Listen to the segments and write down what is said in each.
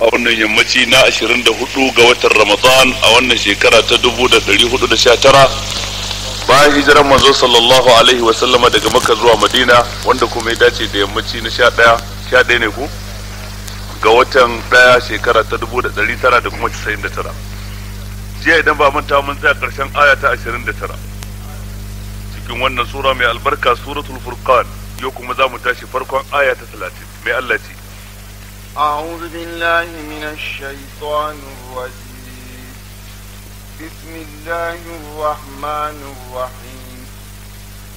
a wannan yammaci na 24 ga watan ramadan a wannan shekara ta 1419 bayan hijiran manzo sallallahu alaihi wasallama daga maka zuwa madina wanda kuma ya dace da yammaci na 11 11 ne ku ga watan ɗaya shekara ta 1999 jiya idan ba manta mun tsaya karshen aya ta 29 cikin wannan sura mai albarka suratul furqan yau kuma za mu tashi farkon aya ta talatin mai Allah ce أعوذ بالله من الشيطان الرجيم بسم الله الرحمن الرحيم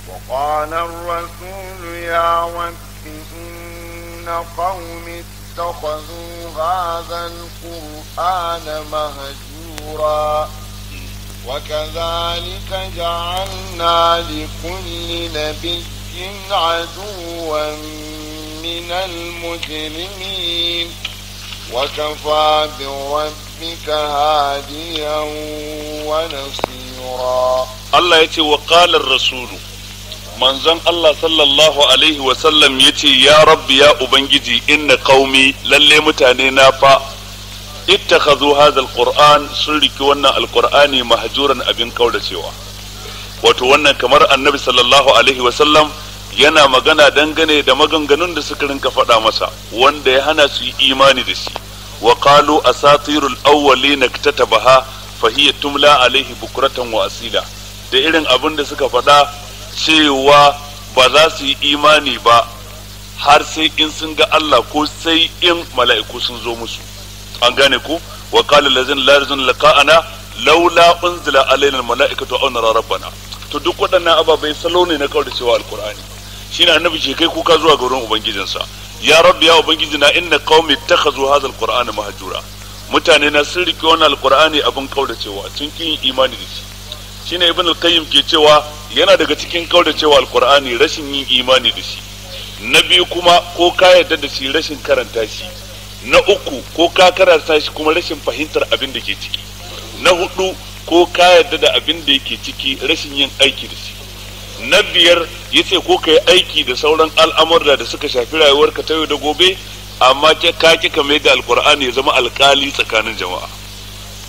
وقال الرسول يا رب إن قوم اتخذوا هذا القرآن مهجورا وكذلك جعلنا لكل نبي عدوا من المجرمين وكفى بربك هاديا ونصيرا الله يتي وقال الرسول من زن الله صلى الله عليه وسلم يتي يا رب يا أبنجي إن قومي للي متانينا فأ ittakhadhu hadha alquran sun riki wannan alqur'ani mahjuran abin cewa wato wannan kamar annabi sallallahu alaihi wa sallam yana magana dangane da maganganun da suka rinka faɗa masa wanda ya hana su yi imani da shi wa qalu asatirul awwalin iktatabaha fa hiya tumla alaihi bukratan wa asila da irin abin da suka faɗa cewa ba za su yi imani ba har sai in sun ga Allah ko sai in mala'iku sun zo musu an gane ku wa qala allazina la yarjun liqa'ana laula unzila alaina almalaikatu aw nara rabbana to duk waɗannan ababai salo ne na kaurace cewa alqur'ani shine annabi ke kai kuka zuwa gurin ubangijinsa ya rabbi ya na inna qaumi ittakhazu hadha alqur'ana mahjura mutane na sun rike wannan alqur'ani abin kauracewa sun kin imani da shi shine ibn al-qayyim ke cewa yana daga cikin kauracewa alqur'ani rashin yin imani da shi na biyu kuma ko ka yarda da shi rashin karanta shi na uku ko ka karanta shi kuma rashin fahimtar abin da ke ciki na hudu ko ka yarda da abin da yake ciki rashin yin aiki da shi na biyar yace ko ka aiki da sauran al'amurra da suka shafi rayuwarka ta yau da gobe amma ka kika mai da alkur'ani ya zama alkali tsakanin jama'a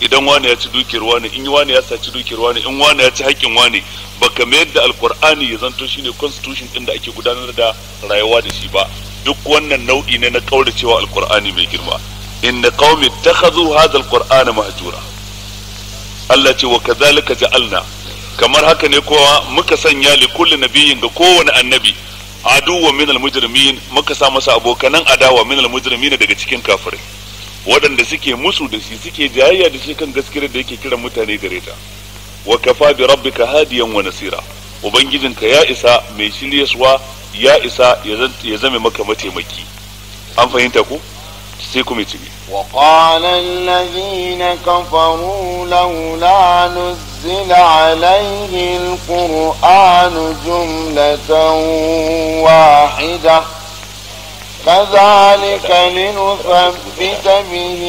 idan wani ya ci dukiyar wani in wani ya saci dukiyar wani in wani ya ci haƙƙin wani baka mai da alkur'ani ya zanto shine constitution din da ake gudanar da rayuwa da shi ba duk wannan nau'i ne na kauracewa alkur'ani mai girma inna qaumi takhadhu hadha alqur'ana mahjura Allah ce wa kadhalika ja'alna kamar haka ne kowa muka sanya li kulli nabiyyin ga kowane annabi aduwa min almujrimin muka sa masa abokanan adawa min almujrimin daga cikin kafirai waɗanda suke musu da shi suke jayayya da shi kan gaskiyar da yake kiran mutane gare ta wa kafa bi rabbika hadiyan wa nasira ubangijinka ya isa mai shiryaswa ya isa ya zame maka mataimaki an fahimta ku sai kuma ci bi wa qala alladhina kafaru laula nuzila alayhi alquran jumlatan wahida كذلك لنثبت به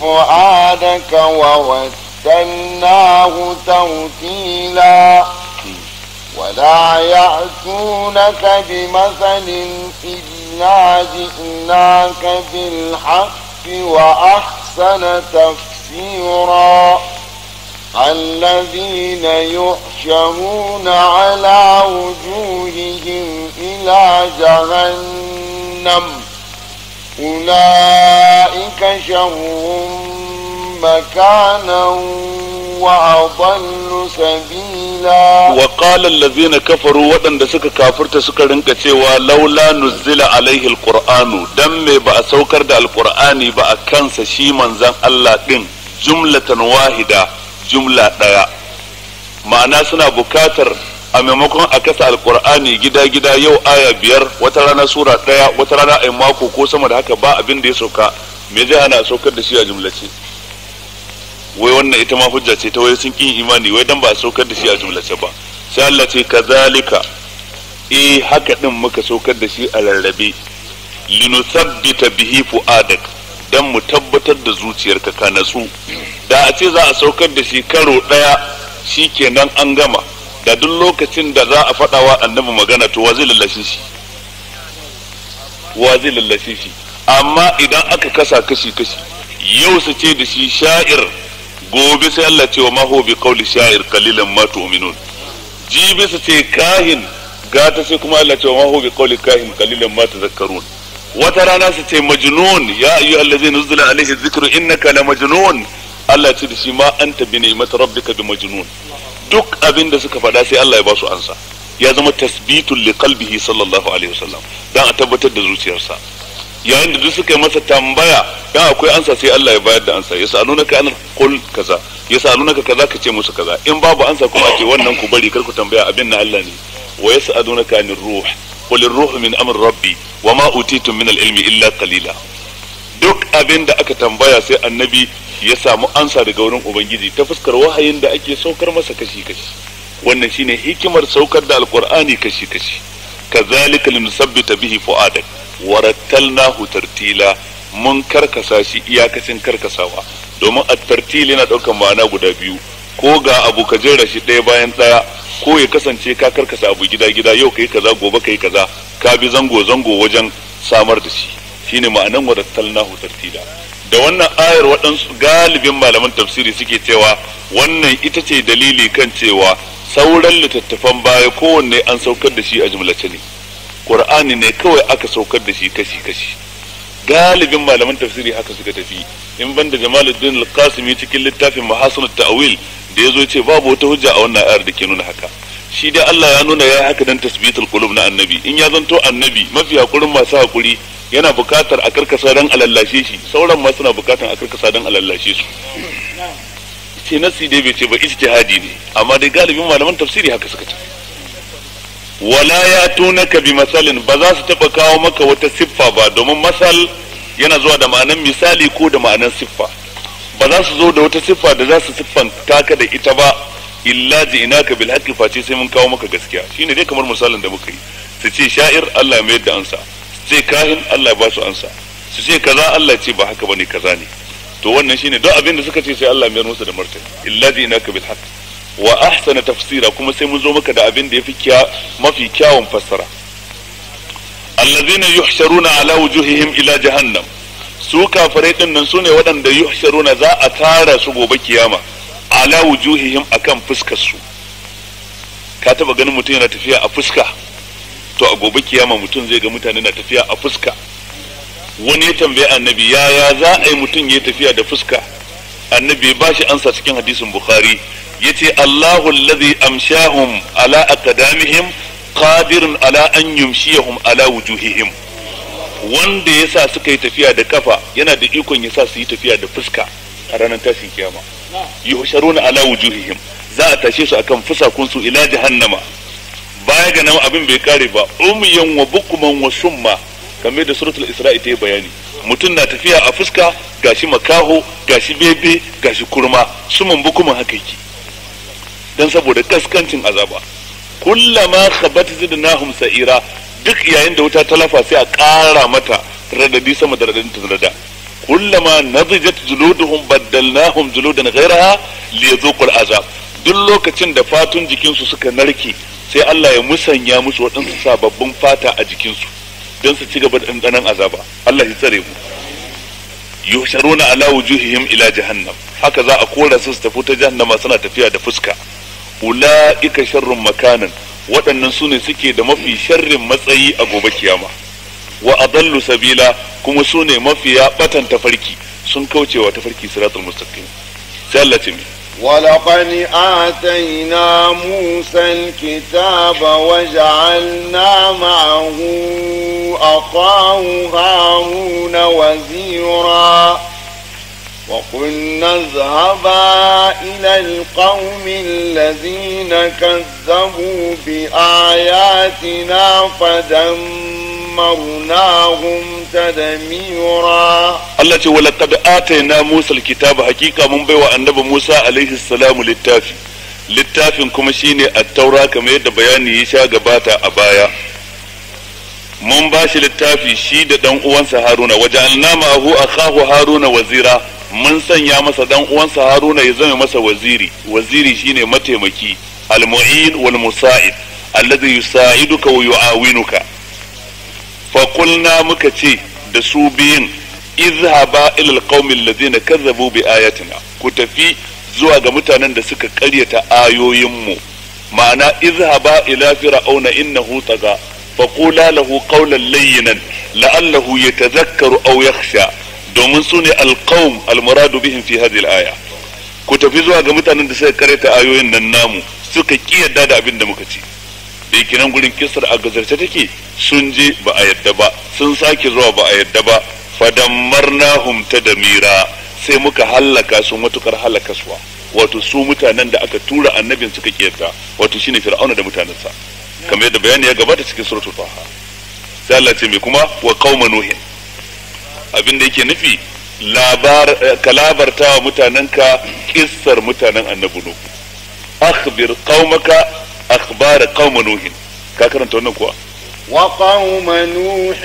فؤادك ووجدناه توكيلا ولا يأتونك بمثل إلا جئناك بالحق وأحسن تفسيرا الذين يحشرون على وجوههم إلى جهنم أولئك شر مكانا وأضل سبيلا وقال الذين كفروا ودن دسك كافر تسك رنك تيوى لولا نزل عليه القرآن دم بأسوكر دا القرآن بأكنس شيما زن الله دين جملة واحدة جملة ɗaya ma'ana suna bukatar a maimakon a kasa alkur'ani gida-gida yau aya biyar wata rana sura ɗaya wata rana a mako ko sama da haka ba abin da ya sauka me zai hana saukar da shi a jumlace wai wannan ita ma hujja ce ta wai sun kin imani wai dan ba a saukar da shi a jumlace ba sai Allah ce kazalika eh haka din muka saukar da shi a rarrabe linusabbita bihi fuadak dan mu tabbatar da zuciyarka ka natsu da a ce za a saukar da shi karo daya shikenan an gama da duk lokacin da za a faɗawa annabi magana to wa zai shi wa zai shi amma idan aka kasa kashi kashi yau su ce da shi sha'ir gobe sai Allah ce wa ma huwa bi qawli sha'ir qalilan ma tu'minun jibi su ce kahin gata sai kuma Allah ce wa ma huwa bi qawli kahin kalilan ma tadhakkarun wata rana su ce majnun ya ayyuhallazina nuzila alaihi dhikru innaka la majnun Allah ce da shi ma anta bi ni'mati rabbika bi majnun duk abin da suka faɗa sai Allah ya ba su ansa ya zama tasbitul li qalbihi sallallahu alaihi wasallam dan a tabbatar da zuciyarsa yayin da duk suka yi masa tambaya ya akwai ansa sai Allah ya bayar da ansa ya sa'aluna ka anar kul kaza ya sa'aluna ka kaza ka ce musu kaza in babu ansa kuma ce wannan ku bari kar ku tambaya abin na Allah ne wa yas'aluna ka anir ruh qul ruh min amr rabbi wa ma utitum min al-ilmi illa qalila duk abin da aka tambaya sai annabi ya samu ansa daga wurin ubangiji ta fuskar wahayin da ake saukar masa kashi kashi wannan shine hikimar saukar da alqur'ani kashi kashi kazalika linsabbita bihi fu'adak warattalnahu tartila mun karkasa shi iyakacin karkasawa domin a tartili yana daukan ma'ana guda biyu ko ga abu ka jera shi ɗaya bayan ɗaya ko ya kasance ka karkasa abu gida gida yau kai kaza gobe kai kaza ka bi zango zango wajen samar da shi shine ma'anan warattalnahu tartila da wannan ayar waɗansu galibin malaman tafsiri suke cewa wannan ita ce dalili kan cewa sauran littattafan baya kowanne an saukar da shi a jumlace ne qur'ani ne kawai aka saukar da shi kashi kashi galibin malaman tafsiri haka suka tafi in banda jamaluddin al-qasimi cikin littafin mahasul ta'wil da yazo ce babu wata hujja a wannan ayar da ke nuna haka shi dai Allah ya nuna ya haka dan tasbitul qulub na annabi in ya zanto annabi mafi hakurin masu hakuri yana bukatar a karkasa dan alallashe shi sauran ma suna bukatar a karkasa dan alallashe su ce nasi dai bai ce ba ijtihadi ne amma dai galibin malaman tafsiri haka suka tafi wala ya tunaka bi masalin ba za su taɓa kawo maka wata siffa ba domin masal yana zuwa da ma'anan misali ko da ma'anan siffa ba za su zo da wata siffa da za su siffan taka da ita ba illa ji ina ka bil haqqi face sai mun kawo maka gaskiya shine dai kamar misalin da muka yi su ce sha'ir Allah mai da ansa su ce kahin Allah ba su ansa su ce kaza Allah ce ba haka bane kaza ne to wannan shine duk abin da suka ce sai Allah mai musu da martani illa ji ina ka bil haqqi wa ahsana tafsira kuma sai mun zo maka da abin da yafi mafi kyawun fassara allazina yuhsharuna ala wujuhihim ila jahannam su kafirai din nan sune waɗanda yuhsharuna za a tara su gobe kiyama ala wujuhihim akan fuskar su ka taba ganin mutum yana tafiya a fuska to a gobe kiyama mutum zai ga mutane na tafiya a fuska wani ya tambaye annabi yaya za a yi mutum ya tafiya da fuska annabi ba shi ansa cikin hadisin bukhari yace Allahu allazi amshahum ala aqdamihim qadirun ala an yumshiyahum ala wujuhihim wanda yasa suka yi tafiya da kafa yana da ikon yasa su yi tafiya da fuska a ranar tashin kiyama yuhsharuna ala wujuhihim za a tashe su akan fusakun su ila jahannama baya ga nan abin bai kare ba umyan wa bukuman wa summa kamar da suratul isra'i ta yi bayani mutum na tafiya a fuska gashi makaho gashi bebe gashi kurma suman bukuman haka yake don saboda kaskancin azaba kullama khabat zidnahum sa'ira duk yayin da wuta ta lafa sai a ƙara mata radadi sama da radadin tunrada kullama nadijat juluduhum baddalnahum juludan ghayraha liyadhuqul azab duk lokacin da fatun jikinsu suka narke sai Allah ya musanya musu waɗansu sababbin fata a jikinsu don su ci gaba da ɗanɗanon azaba Allah ya tsare mu yusharuna ala wujuhihim ila jahannam haka za a kora su su tafi ta jahannama suna tafiya da fuska ula'ika sharrun makanan waɗannan su ne suke da mafi sharrin matsayi a gobe kiyama wa adallu sabila kuma su ne ya batan tafarki sun kauce wa tafarki siratul mustaqim sai Allah ce mai ولقد آتينا موسى الكتاب وجعلنا معه أخاه هارون وزيراً وقلنا اذهبا إلى القوم الذين كذبوا بآياتنا فدمرناهم تدميرا الله تقول لقد آتينا موسى الكتاب حقيقة من بيوى النبي موسى عليه السلام للتافي للتافي كما شيني التوراة كما يد بياني يشا قباتا أبايا من باش للتافي شيد دون أوانس هارون وجعلنا ما هو أخاه هارون وزيرا mun sanya masa dan uwansa haruna ya zama masa waziri waziri shine mataimaki al-mu'in wal musa'id alladhi yusa'iduka wa yu'awinuka fa qulna muka ce da su biyin izhaba ila al alqaumi alladhina kazzabu bi ayatina ku tafi zuwa ga mutanen da suka karyata ayoyinmu ma'ana izhaba ila fir'auna innahu taga qula lahu qawlan layyinan la'allahu yatadhakkaru aw yakhsha domin su ne alqaum almuradu bihin fi hadhihi alaya ku tafi zuwa ga mutanen da suka karanta ayoyin nan namu suka yadda da abin da muka ci da yake nan gurin kisar a gazarce take sun je ba a yadda ba sun sake zuwa ba a yadda ba da mira sai muka hallaka su matukar halaka suwa wato su mutanen da aka tura annabin suka yadda wato shine fir'auna da mutanensa kamar yadda bayani ya gabata cikin suratul faha sai Allah ce mai kuma wa qauma nuhin abin da yake nufi labar kalabarta wa mutanenka kissar mutanen annabi nuh akhbir qaumaka akhbar qaum nuh ka karanta wannan kuwa wa qaum nuh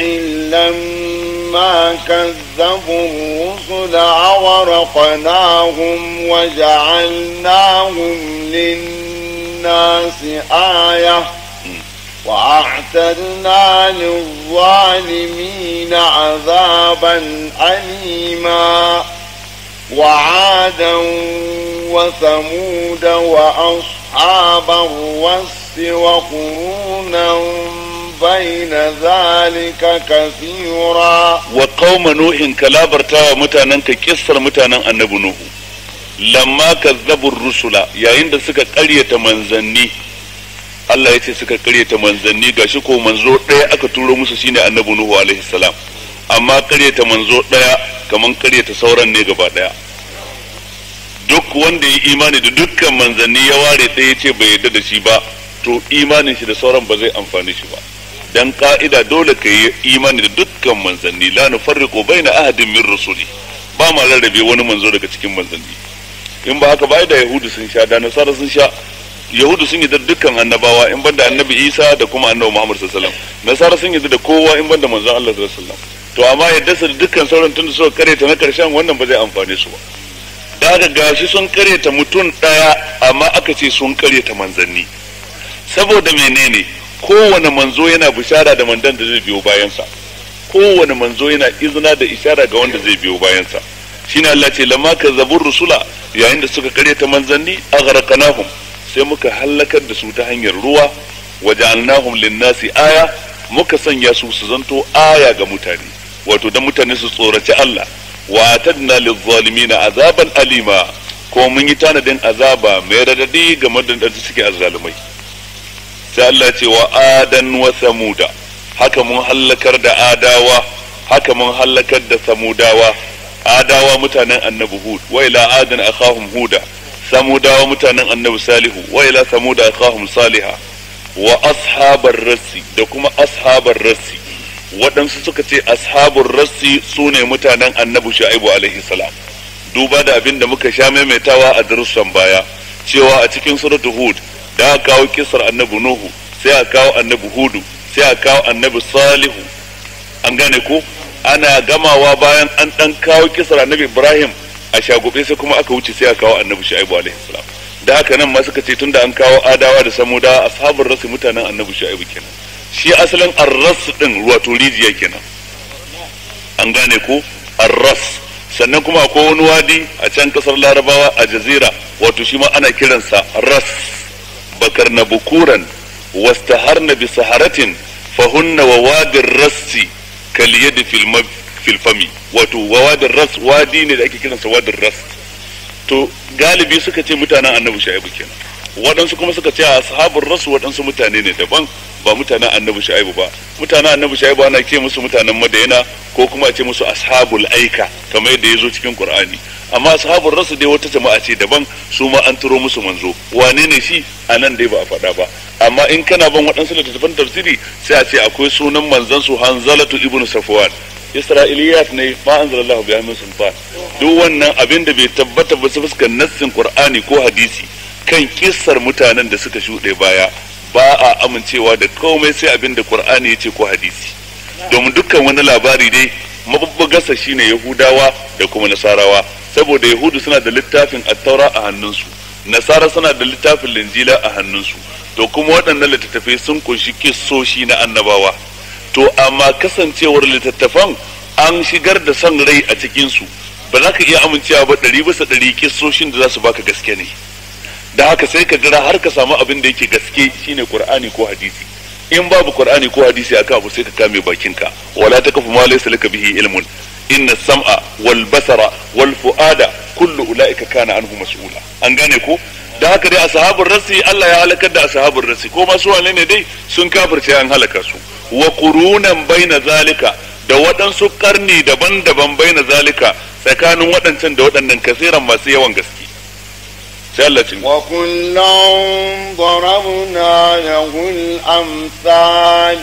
lamma kazzabu rusul awarqnahum wa ja'alnahum lin-nasi ayah وأعتدنا للظالمين عذابا أليما وعادا وثمود وأصحاب الرس وقرونا بين ذلك كثيرا وقوم نوح كلابرتا متانا كسر متانا النبي نوح لما كذبوا الرسل يا عند سكة قرية منزني Allah ya ce suka karyata manzanni shi ko manzo ɗaya aka turo musu shine annabi Nuhu alaihi salam amma karyata manzo ɗaya kamar karyata sauran ne gaba ɗaya duk wanda ya imani da dukkan manzanni ya ware ɗaya ya ce bai yarda da shi ba to imanin shi da sauran ba zai amfani shi ba dan ka'ida dole ka yi imani da dukkan manzanni la nufarriqu baina ahadin min rusuli ba ma rarrabe wani manzo daga cikin manzanni in ba haka ba da yahudu sun sha da nasara sun sha yahudu sun yi da dukkan annabawa in banda annabi isa da kuma annabi muhammad sallallahu alaihi wasallam nasara sun yi da kowa in banda manzon allah sallallahu alaihi wasallam to amma yadda su dukkan sauran tun da suka kareta na karshen wannan ba zai amfane su ba da ga gashi sun kareta mutum daya amma aka ce sun kareta manzanni saboda menene kowane manzo yana bishara da mandan da zai biyo bayansa kowane manzo yana izina da ishara ga wanda zai biyo bayansa shine Allah ce lamma kazzabur rusula yayin da suka kareta manzanni aghraqnahum sai muka halakar da su ta hanyar ruwa waja'alnahum lin-nasi aya muka sanya su su zanto aya ga mutane wato dan mutane su tsoraci Allah wa atadna liz-zalimina azaban alima ko mun yi tanadin azaba mai radadi ga madanda suke azzalumai sai Allah ce wa adan wa samuda haka mun hallakar da adawa haka mun hallakar da samudawa adawa mutanen annabi hud wa ila adan akhahum huda samudawa mutanen annabi salihu wa ila samuda akhahum saliha wa ashabar rassi da kuma ashabar rassi waɗansu suka ce ashabun rassi su ne mutanen annabi shu'aibu alaihi salam duba da abin da muka sha maimaitawa a darussan baya cewa a cikin suratul hud da aka kawo kisar annabi nuhu sai a kawo annabi hudu sai a kawo annabi salihu an gane ko ana gamawa bayan an dan kawo kisar annabi ibrahim a shagube sai kuma aka wuce sai a kawo annabi shu'aibu alaihi salam da haka nan ma suka ce tunda an kawo adawa da samu da ashabul rasu mutanen annabi shu'aibu kenan shi asalin arras din wato rijiya kenan an gane ko arras sannan kuma akwai wani wadi a can kasar larabawa a jazira wato shi ma ana kiransa ras bakar na bukuran wastaharna bi saharatin fahunna wa wadin rassi kaliyadi da fil filfami fami wato wadin ras wadi ne da ake kiransa wadin ras to galibi suka ce mutanen annabi shaibu kenan waɗansu kuma suka ce ashabin ras waɗansu mutane ne daban ba mutanen annabi shaibu ba mutanen annabi shaibu ana ce musu mutanen madaina ko kuma a ce musu ashabul aika kamar yadda ya zo cikin qur'ani amma ashabul rasu dai wata jama'a ce daban su ma an turo musu manzo wane ne shi a nan dai ba a faɗa ba amma in kana ban waɗansu littattafan tafsiri sai a ce akwai sunan manzansu hanzalatu ibnu safwan isra'iliyat ne ma Allah biha min sultan duk wannan abin da bai tabbata ba su fuskar nassin qur'ani ko hadisi kan kissar mutanen da suka shuɗe baya ba a amincewa da komai sai abin da kur'ani ya ce ko hadisi domin dukkan wani labari dai mabubbugarsa shine yahudawa da kuma nasarawa saboda yahudu suna da littafin attaura a hannunsu nasara suna da littafin linjila a hannunsu to kuma waɗannan littattafai sun kunshi kissoshi na annabawa to amma kasancewar littattafan an shigar da son rai a cikinsu ba za ka iya amincewa ba ɗari bisa ɗari kisoshin da za su baka gaske ne da haka sai ka jira har ka samu abin da yake gaske shine qur'ani ko hadisi in babu qur'ani ko hadisi aka abu sai ka kame bakinka wala takafu ma laysa laka bihi ilmun inna sam'a wal basara wal fuada kullu ulaika kana anhu mas'ula an gane ko da haka dai ashabul rasi Allah ya halakar da ashabul rasi ko ma su wane ne dai sun kafirce an halaka su wa qurunan baina zalika da waɗansu karni daban-daban baina zalika tsakanin waɗancan da waɗannan kasiran masu yawan gaske sai Allah cin wa kullum darabna lahul amsal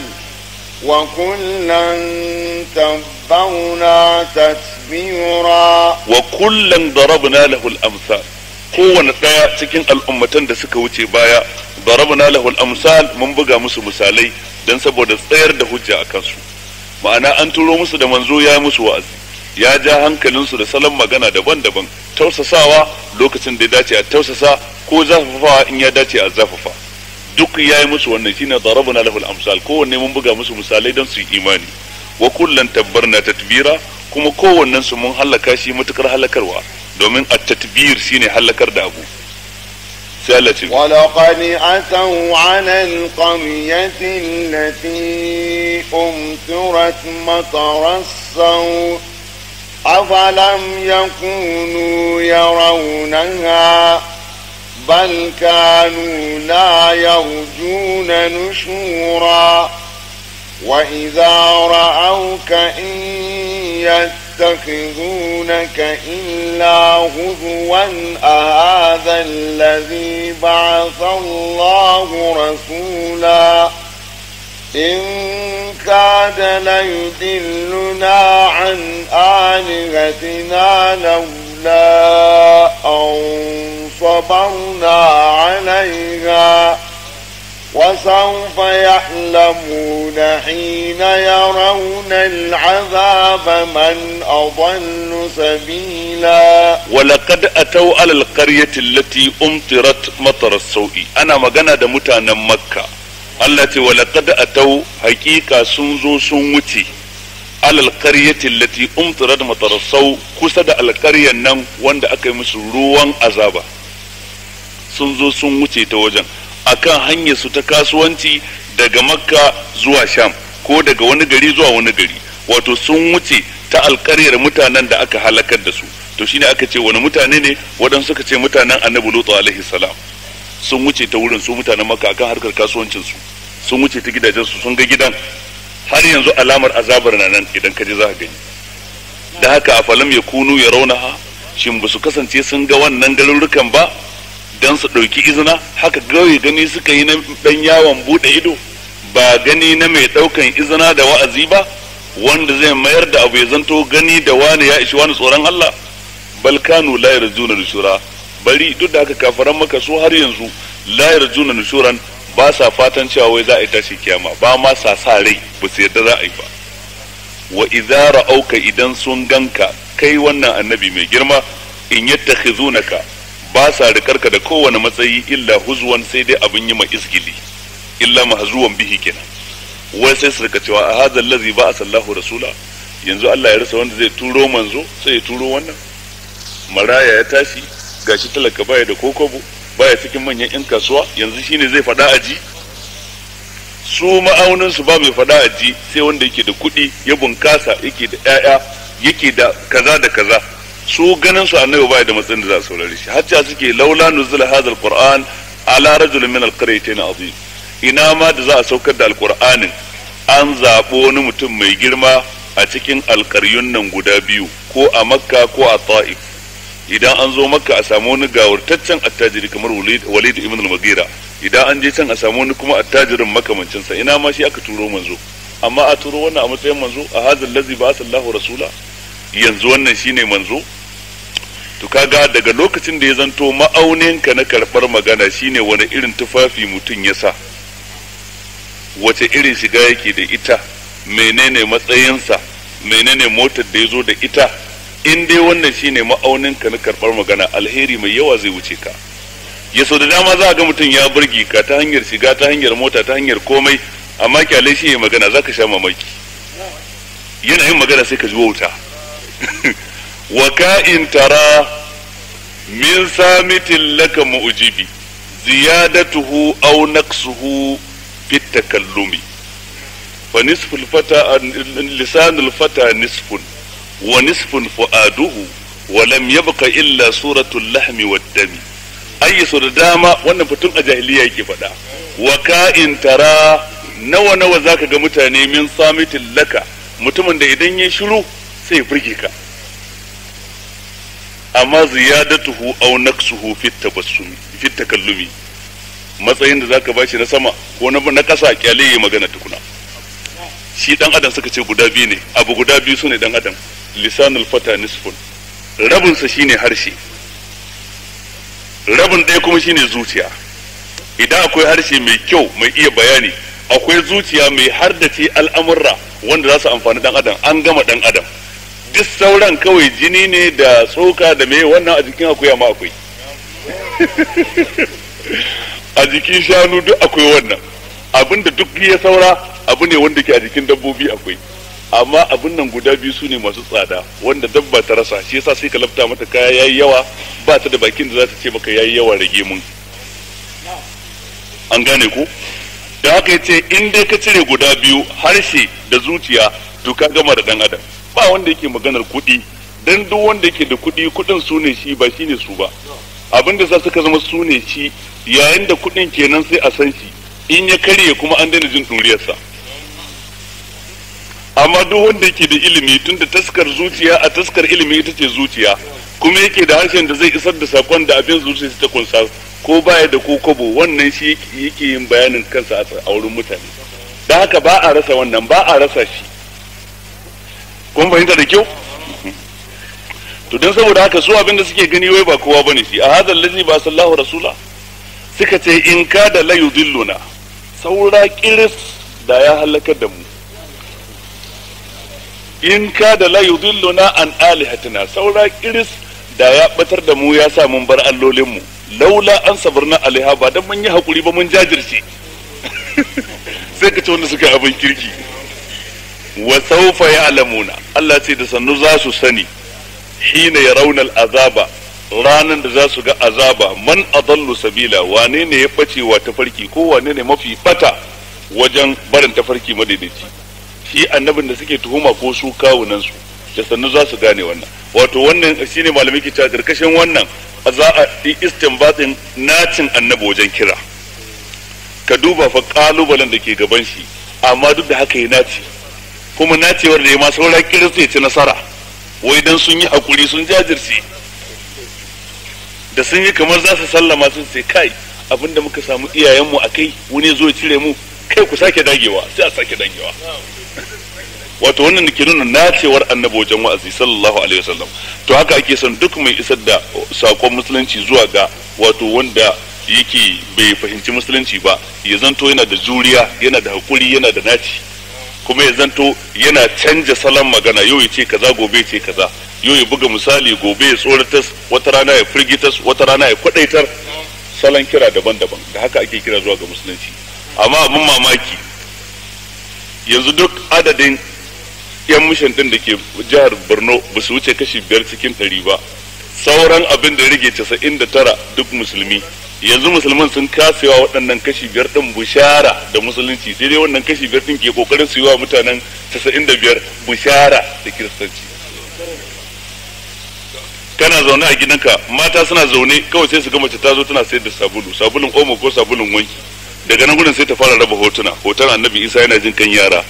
wa kullum tabbawna tasbira wa kullum darabna lahul amsal kowane ɗaya cikin al'ummatan da suka wuce baya darabna al amsal mun buga musu misalai dan saboda tsayar da hujja a su ma'ana an turo musu da manzo ya musu wa'azi ya ja hankalinsu da salon magana daban-daban tausasawa lokacin da ya dace a tausasa ko zafafawa in ya dace a zafafa duk ya yi musu wannan shine darabna al amsal kowanne mun buga musu misalai don su yi imani wa kullan tabbarna tatbira kuma kowannen su mun halaka shi matukar halakarwa domin a tatbir shine halakar da abu ثالث ولقد أتوا على القمية التي أمطرت مطر الصوت أفلم يكونوا يرونها بل كانوا لا يرجون نشورا وإذا رأوك إن يتخذونك إلا هزوا أهذا الذي بعث الله رسولا إن كاد ليدلنا عن آلهتنا لولا أن صبرنا عليها وسوف يعلمون حين يرون العذاب من أضل سبيلا ولقد أتوا على القرية التي أمطرت مطر السوء أنا مجنة متانا مكة التي ولقد أتوا حقيقة سنزو سنوتي على القرية التي أمطرت مطر السوء كسد القرية نم واند أكي مسروا أزابا سنزو سنوتي توجن akan hanyar su ta kasuwanci daga makka zuwa sham ko daga wani gari zuwa wani gari wato sun wuce ta alkaryar mutanen da aka halakar da su to shine aka ce wani mutane ne waɗansu suka ce mutanen annabi lutu alaihi salam sun wuce ta wurin su mutanen makka akan harkar kasuwancin su sun wuce ta gidajen sun ga gidan har yanzu alamar azabar na nan idan ka je za ka gani da haka a falam ya kunu ya raunaha shin ba su kasance sun ga wannan garurrukan ba don su ɗauki izina haka gawai gani suka yi na ɗan yawon buɗe ido ba gani na mai ɗaukan izina da wa'azi ba wanda zai mayar da abu ya zanto gani da wani ya ishi wani tsoron Allah balkanu la yarjuna nushura bari duk da haka kafaran maka su har yanzu la yarjuna nushuran ba sa fatan cewa wai za a yi tashi kiyama ba ma sa sa rai ba su yadda za a yi ba wa idza ra'auka idan sun ganka kai wannan annabi mai girma in yattakhizunaka ba sa rikarka da kowane matsayi illa huzuwan sai dai abin yi ma iskili, illa mahzuwan bihi kenan wai sai su rika cewa a hadha allazi ba sallahu rasula yanzu Allah ya rasa wanda zai turo manzo sai ya turo wannan maraya ya tashi gashi talaka baya da kokobo baya cikin manyan yan kasuwa yanzu shine zai fada aji su ma'aunin su ba mai fada aji sai wanda yake da kuɗi ya bunkasa yake da 'ya'ya yake da kaza da kaza su ganin su annabi bai da matsayin da za su saurare shi hacca suke laula nuzul hadal qur'an ala rajul min alqaryatayn azim ina ma da za a saukar da alqur'anin an zabo wani mutum mai girma a cikin alkaryun nan guda biyu ko a makka ko a ta'if idan an zo makka a samu wani gawurtaccen attajiri kamar walid ibn al-mughira idan an je can a samu wani kuma attajirin makamancin sa ina ma shi aka turo manzo amma a turo wannan a matsayin manzo a hazal lazi ba rasula yanzu wannan shine manzo to kaga daga lokacin da ya zanto ma'auninka na karɓar magana shine wani irin tufafi mutum ya sa wace irin shiga yake da ita menene matsayinsa menene motar da ya zo da ita in dai wannan shine ma'auninka na karɓar magana alheri mai yawa zai wuce ka ya so da dama za a ga mutum ya burge ka ta hanyar shiga ta hanyar mota ta hanyar komai amma kyale shi ya magana za ka sha mamaki yana yin magana sai ka ji wuta. wa ka'in tara min samitin laka mu'jibi ziyadatuhu aw naqsuhu fi takallumi fa nisful fata lisanul fata nisfun wa nisfun fu'aduhu wa lam yabqa illa suratul lahmi wad dami su da dama wannan fitun a jahiliya yake faɗa wa ka'in tara nawa nawa zaka ga mutane min samitin laka mutumin da idan ya shiru sai burge ka amma ziyadatuhu aw naqsuhu fi tabassum fi takallumi matsayin da zaka bashi na sama ko na na kasa kyale yayi magana tukuna shi dan adam suka ce guda biyu ne abu guda biyu sune dan adam lisanul fata nisfun rabin sa shine harshe rabin ɗaya kuma shine zuciya idan akwai harshe mai kyau mai iya bayani akwai zuciya mai hardace al'amurra wanda za su amfani dan adam an gama dan adam duk sauran kawai jini ne da tsoka da mai wannan a jikin akuya ma akwai a jikin shanu duk akwai wannan abin da duk ya saura abu ne wanda ke a jikin dabbobi akwai amma abin nan guda biyu su ne masu tsada wanda dabba ta rasa shi yasa sai ka lafta mata kaya yayi yawa ba ta da bakin da za ta ce maka yayi yawa rage mun an gane ku da haka yace in dai ka cire guda biyu harshe da zuciya to ka gama da dan adam ba wanda yake maganar kuɗi dan duk wanda yake da kuɗi kuɗin su ne shi ba shi ne su ba abin da za suka zama su ne shi yayin da kuɗin kenan sai a san shi in ya karye kuma an daina jin ɗuriyarsa amma duk wanda yake da ilimi tunda taskar zuciya a taskar ilimi ita ce zuciya kuma yake da harshen da zai isar da sakon da abin zuciya su ta kunsa ko baya da ko kobo wannan shi yake yin bayanin kansa a wurin mutane da haka ba a rasa wannan ba a rasa shi kun fahimta da kyau to don saboda haka su abinda suke gani wai ba kowa bane shi a hadal lazi ba sallahu rasula suka ce in ka da la yudilluna saura kiris da ya halakar da mu in ka da la yudilluna an alihatina saura kiris da ya batar da mu ya sa mun bar allolin mu laula an sabarna alaiha ba dan mun yi hakuri ba mun jajirce sai ka ce wanda suka abin kirki wa sawfa ya'lamuna Allah ce da sannu za su sani hina yarawna azaba ranar da za su ga azaba man adallu sabila wane ne ya bace wa tafarki ko wane ne mafi bata wajen barin tafarki madaidaici shi annabin da suke tuhuma ko su kawunan su da sannu za su gane wannan wato wannan shine malamai ke cewa karkashin wannan za a yi istinbatin nacin annabi wajen kira ka duba fa kalubalen da ke gaban shi amma duk da haka ya naci kuma nacewar da ya ma saura kiristo ya ci nasara wai dan sun yi hakuri sun jajirce da sun yi kamar za su sallama sun sai kai abinda muka samu iyayenmu a kai wani zo cire mu kai ku sake dagewa sai a sake dagewa wato wannan da ke nuna nacewar annabi wajen wa'azi sallallahu alaihi wasallam to haka ake son duk mai isar da sakon musulunci zuwa ga wato wanda yake bai fahimci musulunci ba ya zanto yana da juriya yana da hakuri yana da naci kuma ya zanto yana canja salon magana yau ya ce kaza gobe ce kaza yau ya buga misali gobe ya tsoratas wata rana ya firgitas wata rana ya kwadaitar salon kira daban-daban da haka ake kira zuwa ga musulunci amma abin mamaki yanzu duk adadin yan mishan din da ke jihar borno ba su wuce kashi biyar cikin ɗari ba sauran abin da rage casa'in da tara duk musulmi yanzu musulman sun kasewa waɗannan kashi biyar ɗin bushara da musulunci sai dai wannan kashi biyar ɗin ke ƙoƙarin su yi wa mutanen casa'in da biyar bushara da kiristanci kana zaune a gidanka mata suna zaune kawai sai su ga mace ta zo tana sayar da sabulu sabulun omo ko sabulun wanki daga nan gudun sai ta fara raba hotuna hoton annabi isa yana jin kan yara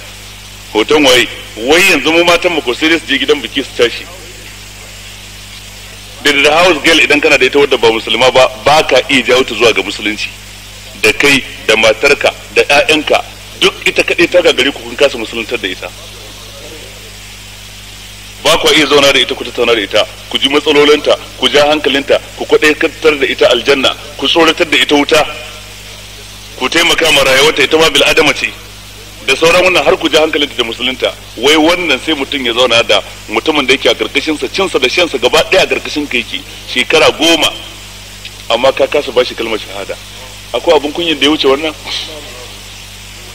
hoton waye wai yanzu mu matan mu ko sai su je gidan biki su tashi da da house girl idan kana da ita wadda ba musulma ba ba ka iya jawo ta zuwa ga musulunci da kai da matarka da ƴaƴanka duk ita kaɗai ta gari ku kun kasa musuluntar da ita ba ku iya zauna da ita ku tattauna da ita ku ji matsalolinta ku ja hankalinta ku kwaɗaikantar da ita aljanna ku tsoratar da ita wuta ku taimaka ma rayuwarta ita ma bil'adama ce da sauran wannan har ku ji hankalinta da musulunta wai wannan sai mutum ya zauna da mutumin da yake a karkashin sa cinsa da shansa gaba daya a karkashin ka yake shekara goma amma ka kasa bashi kalmar shahada akwai abin kunyin da ya wuce wannan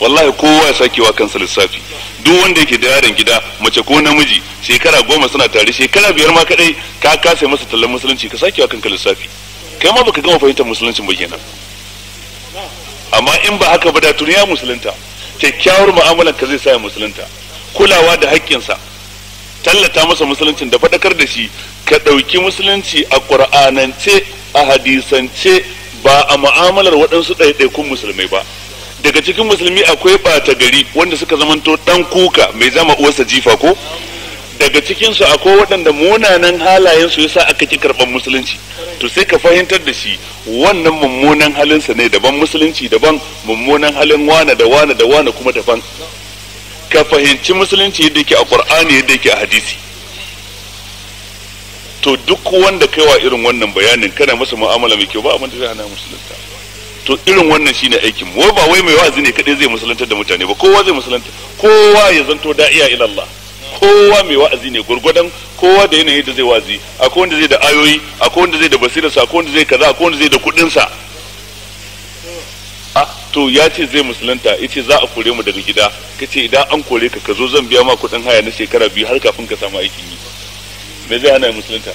wallahi kowa ya sakewa kansa lissafi duk wanda yake da yaron gida mace ko namiji shekara goma suna tare shekara biyar ma kadai ka kasa masa tallan musulunci ka sakewa kanka lissafi kai ma baka gama fahimtar musuluncin ba kenan amma in ba haka ba da tuniya musulunta kyakkyawar mu'amalan ka zai sa ya musulunta kulawa da haƙƙinsa tallata masa musuluncin da faɗakar da shi ka ɗauki musulunci a ƙur'anance a hadisance ba a mu'amalar waɗansu ɗaiɗaikun musulmai ba daga cikin musulmi akwai ɓata gari wanda suka zamanto ɗan kuka mai zama uwarsa jifa ko daga cikinsu akwai waɗanda munanan halayensu yasa aka ki karɓar musulunci to sai ka fahimtar da shi wannan mummunan halinsa ne daban musulunci daban mummunan halin wane da wane da wane kuma daban ka fahimci musulunci yadda yake a qur'ani yadda yake a hadisi to duk wanda kai wa irin wannan bayanin kana masa mu'amala mai kyau ba abin da zai hana musulunta to irin wannan shine aikin mu ba wai mai wazi ne kadai zai musulunta da mutane ba kowa zai musulunta kowa ya zanto da'iya ila Allah kowa mai wa'azi ne gurgudan kowa da yanayin da zai wa'azi akwai wanda zai da ayoyi akwai wanda zai da basirarsa akwai wanda zai kaza akwai wanda zai da kudinsa. a ah, to ya ce zai musulunta ya ce za a kore mu daga gida ka ce idan an kore ka ka zo zan biya ma kudin haya na shekara biyu har kafin ka samu aikin yi me zai hana musulunta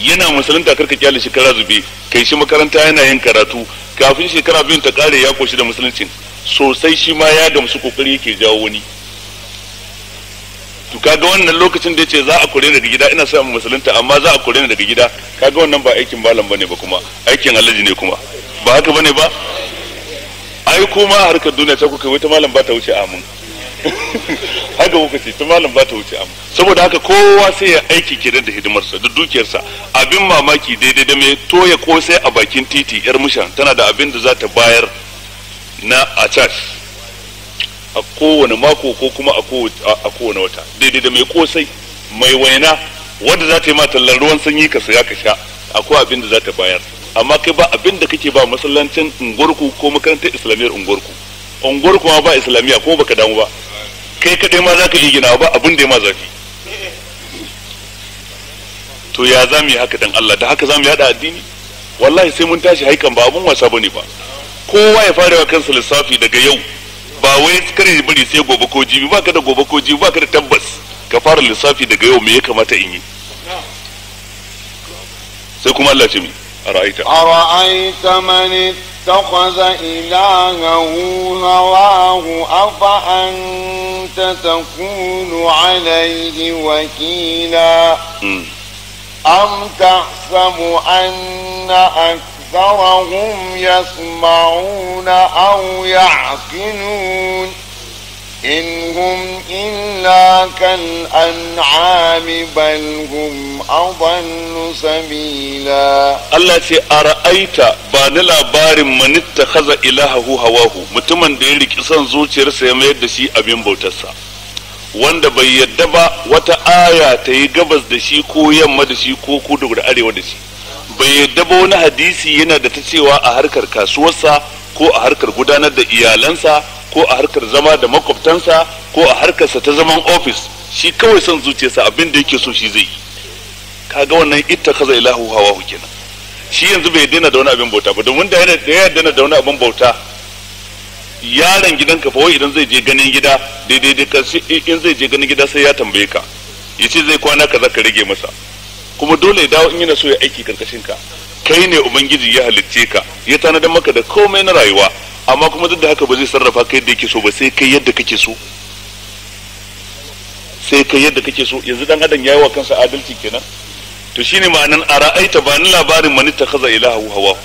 yana musulunta karka kyale shekara zube kai shi makaranta yana yin karatu kafin shekara biyun ta kare ya koshi da musuluncin sosai shi ma ya gamsu kokari yake jawo wani to kaga wannan lokacin da yace za a kore daga gida ina samun musulunta amma za a kore daga gida kaga wannan ba aikin malam bane ba kuma aikin alaji ne kuma ba haka bane ba ai kuma harkar duniya ta kuka wata malam ba ta wuce amin haka kuka ce ta malam ba ta wuce amin saboda haka kowa sai ya aiki kiran da hidimarsa da dukiyarsa abin mamaki daidai da mai toya kosai a bakin titi yar mushan tana da abin da za ta bayar na a charge a kowane mako ko kuma a kowane wata daidai da mai kosai mai waina wanda za ta yi mata tallar ruwan sanyi ka saya ka sha akwai abin da za ta bayar amma kai ba abin da kake ba masallacin unguwarku ko makarantar islamiyyar unguwarku unguwarku ma ba islamiyya ko baka damu ba kai kadai ma za ka yi gina ba abin da ya ma zafi to ya za mu yi haka dan Allah da haka za mu yi haɗa addini wallahi sai mun tashi haikan ba abin wasa bane ba kowa ya fara wa kansa lissafi daga yau ba wai kare bari sai gobe ko jibi ba ka da gobe ko jibi ba ka da tabbas ka fara lissafi daga yau me ya kamata in yi sai kuma Allah ce mi ara'aita ara'aita man ittakhadha ilahahu hawahu afa ta takunu alayhi wakila hmm. am na anna أكثرهم يسمعون أو يعقلون إن هم إلا كالأنعام بل هم أضل سبيلا التي أرأيت بان لابار من اتخذ إلهه هواه متمن ديري كسان زوتي رسي ميد شي أبين بوتسا wanda بيدبا yadda ba دشي aya ta yi gabas da shi ko bai yadda ba wani hadisi yana da ta cewa a harkar kasuwarsa ko a harkar gudanar da iyalansa ko a harkar zama da makwabtansa ko a harkarsa ta zaman ofis shi kawai son zuciyarsa abin da yake so shi zai kaga wannan itta kaza ilahu hawa kenan shi yanzu bai daina da wani abin bauta ba domin da ya daina da wani abin bauta yaron gidanka fa wai idan zai je ganin gida daidai da in zai je ganin gida sai ya tambaye ka yace zai kwana kaza ka rage masa kuma dole ya dawo in yana so ya aiki karkashin ka kai ne ubangiji ya halicce ka ya tanadar maka da komai na rayuwa amma kuma duk da haka ba zai sarrafa kai yadda yake so ba sai kai yadda kake so sai kai yadda kake so yanzu dan adam yayi wa kansa adalci kenan to shine ma'anan ara'aita ba ni labarin ta kaza ilahu hawa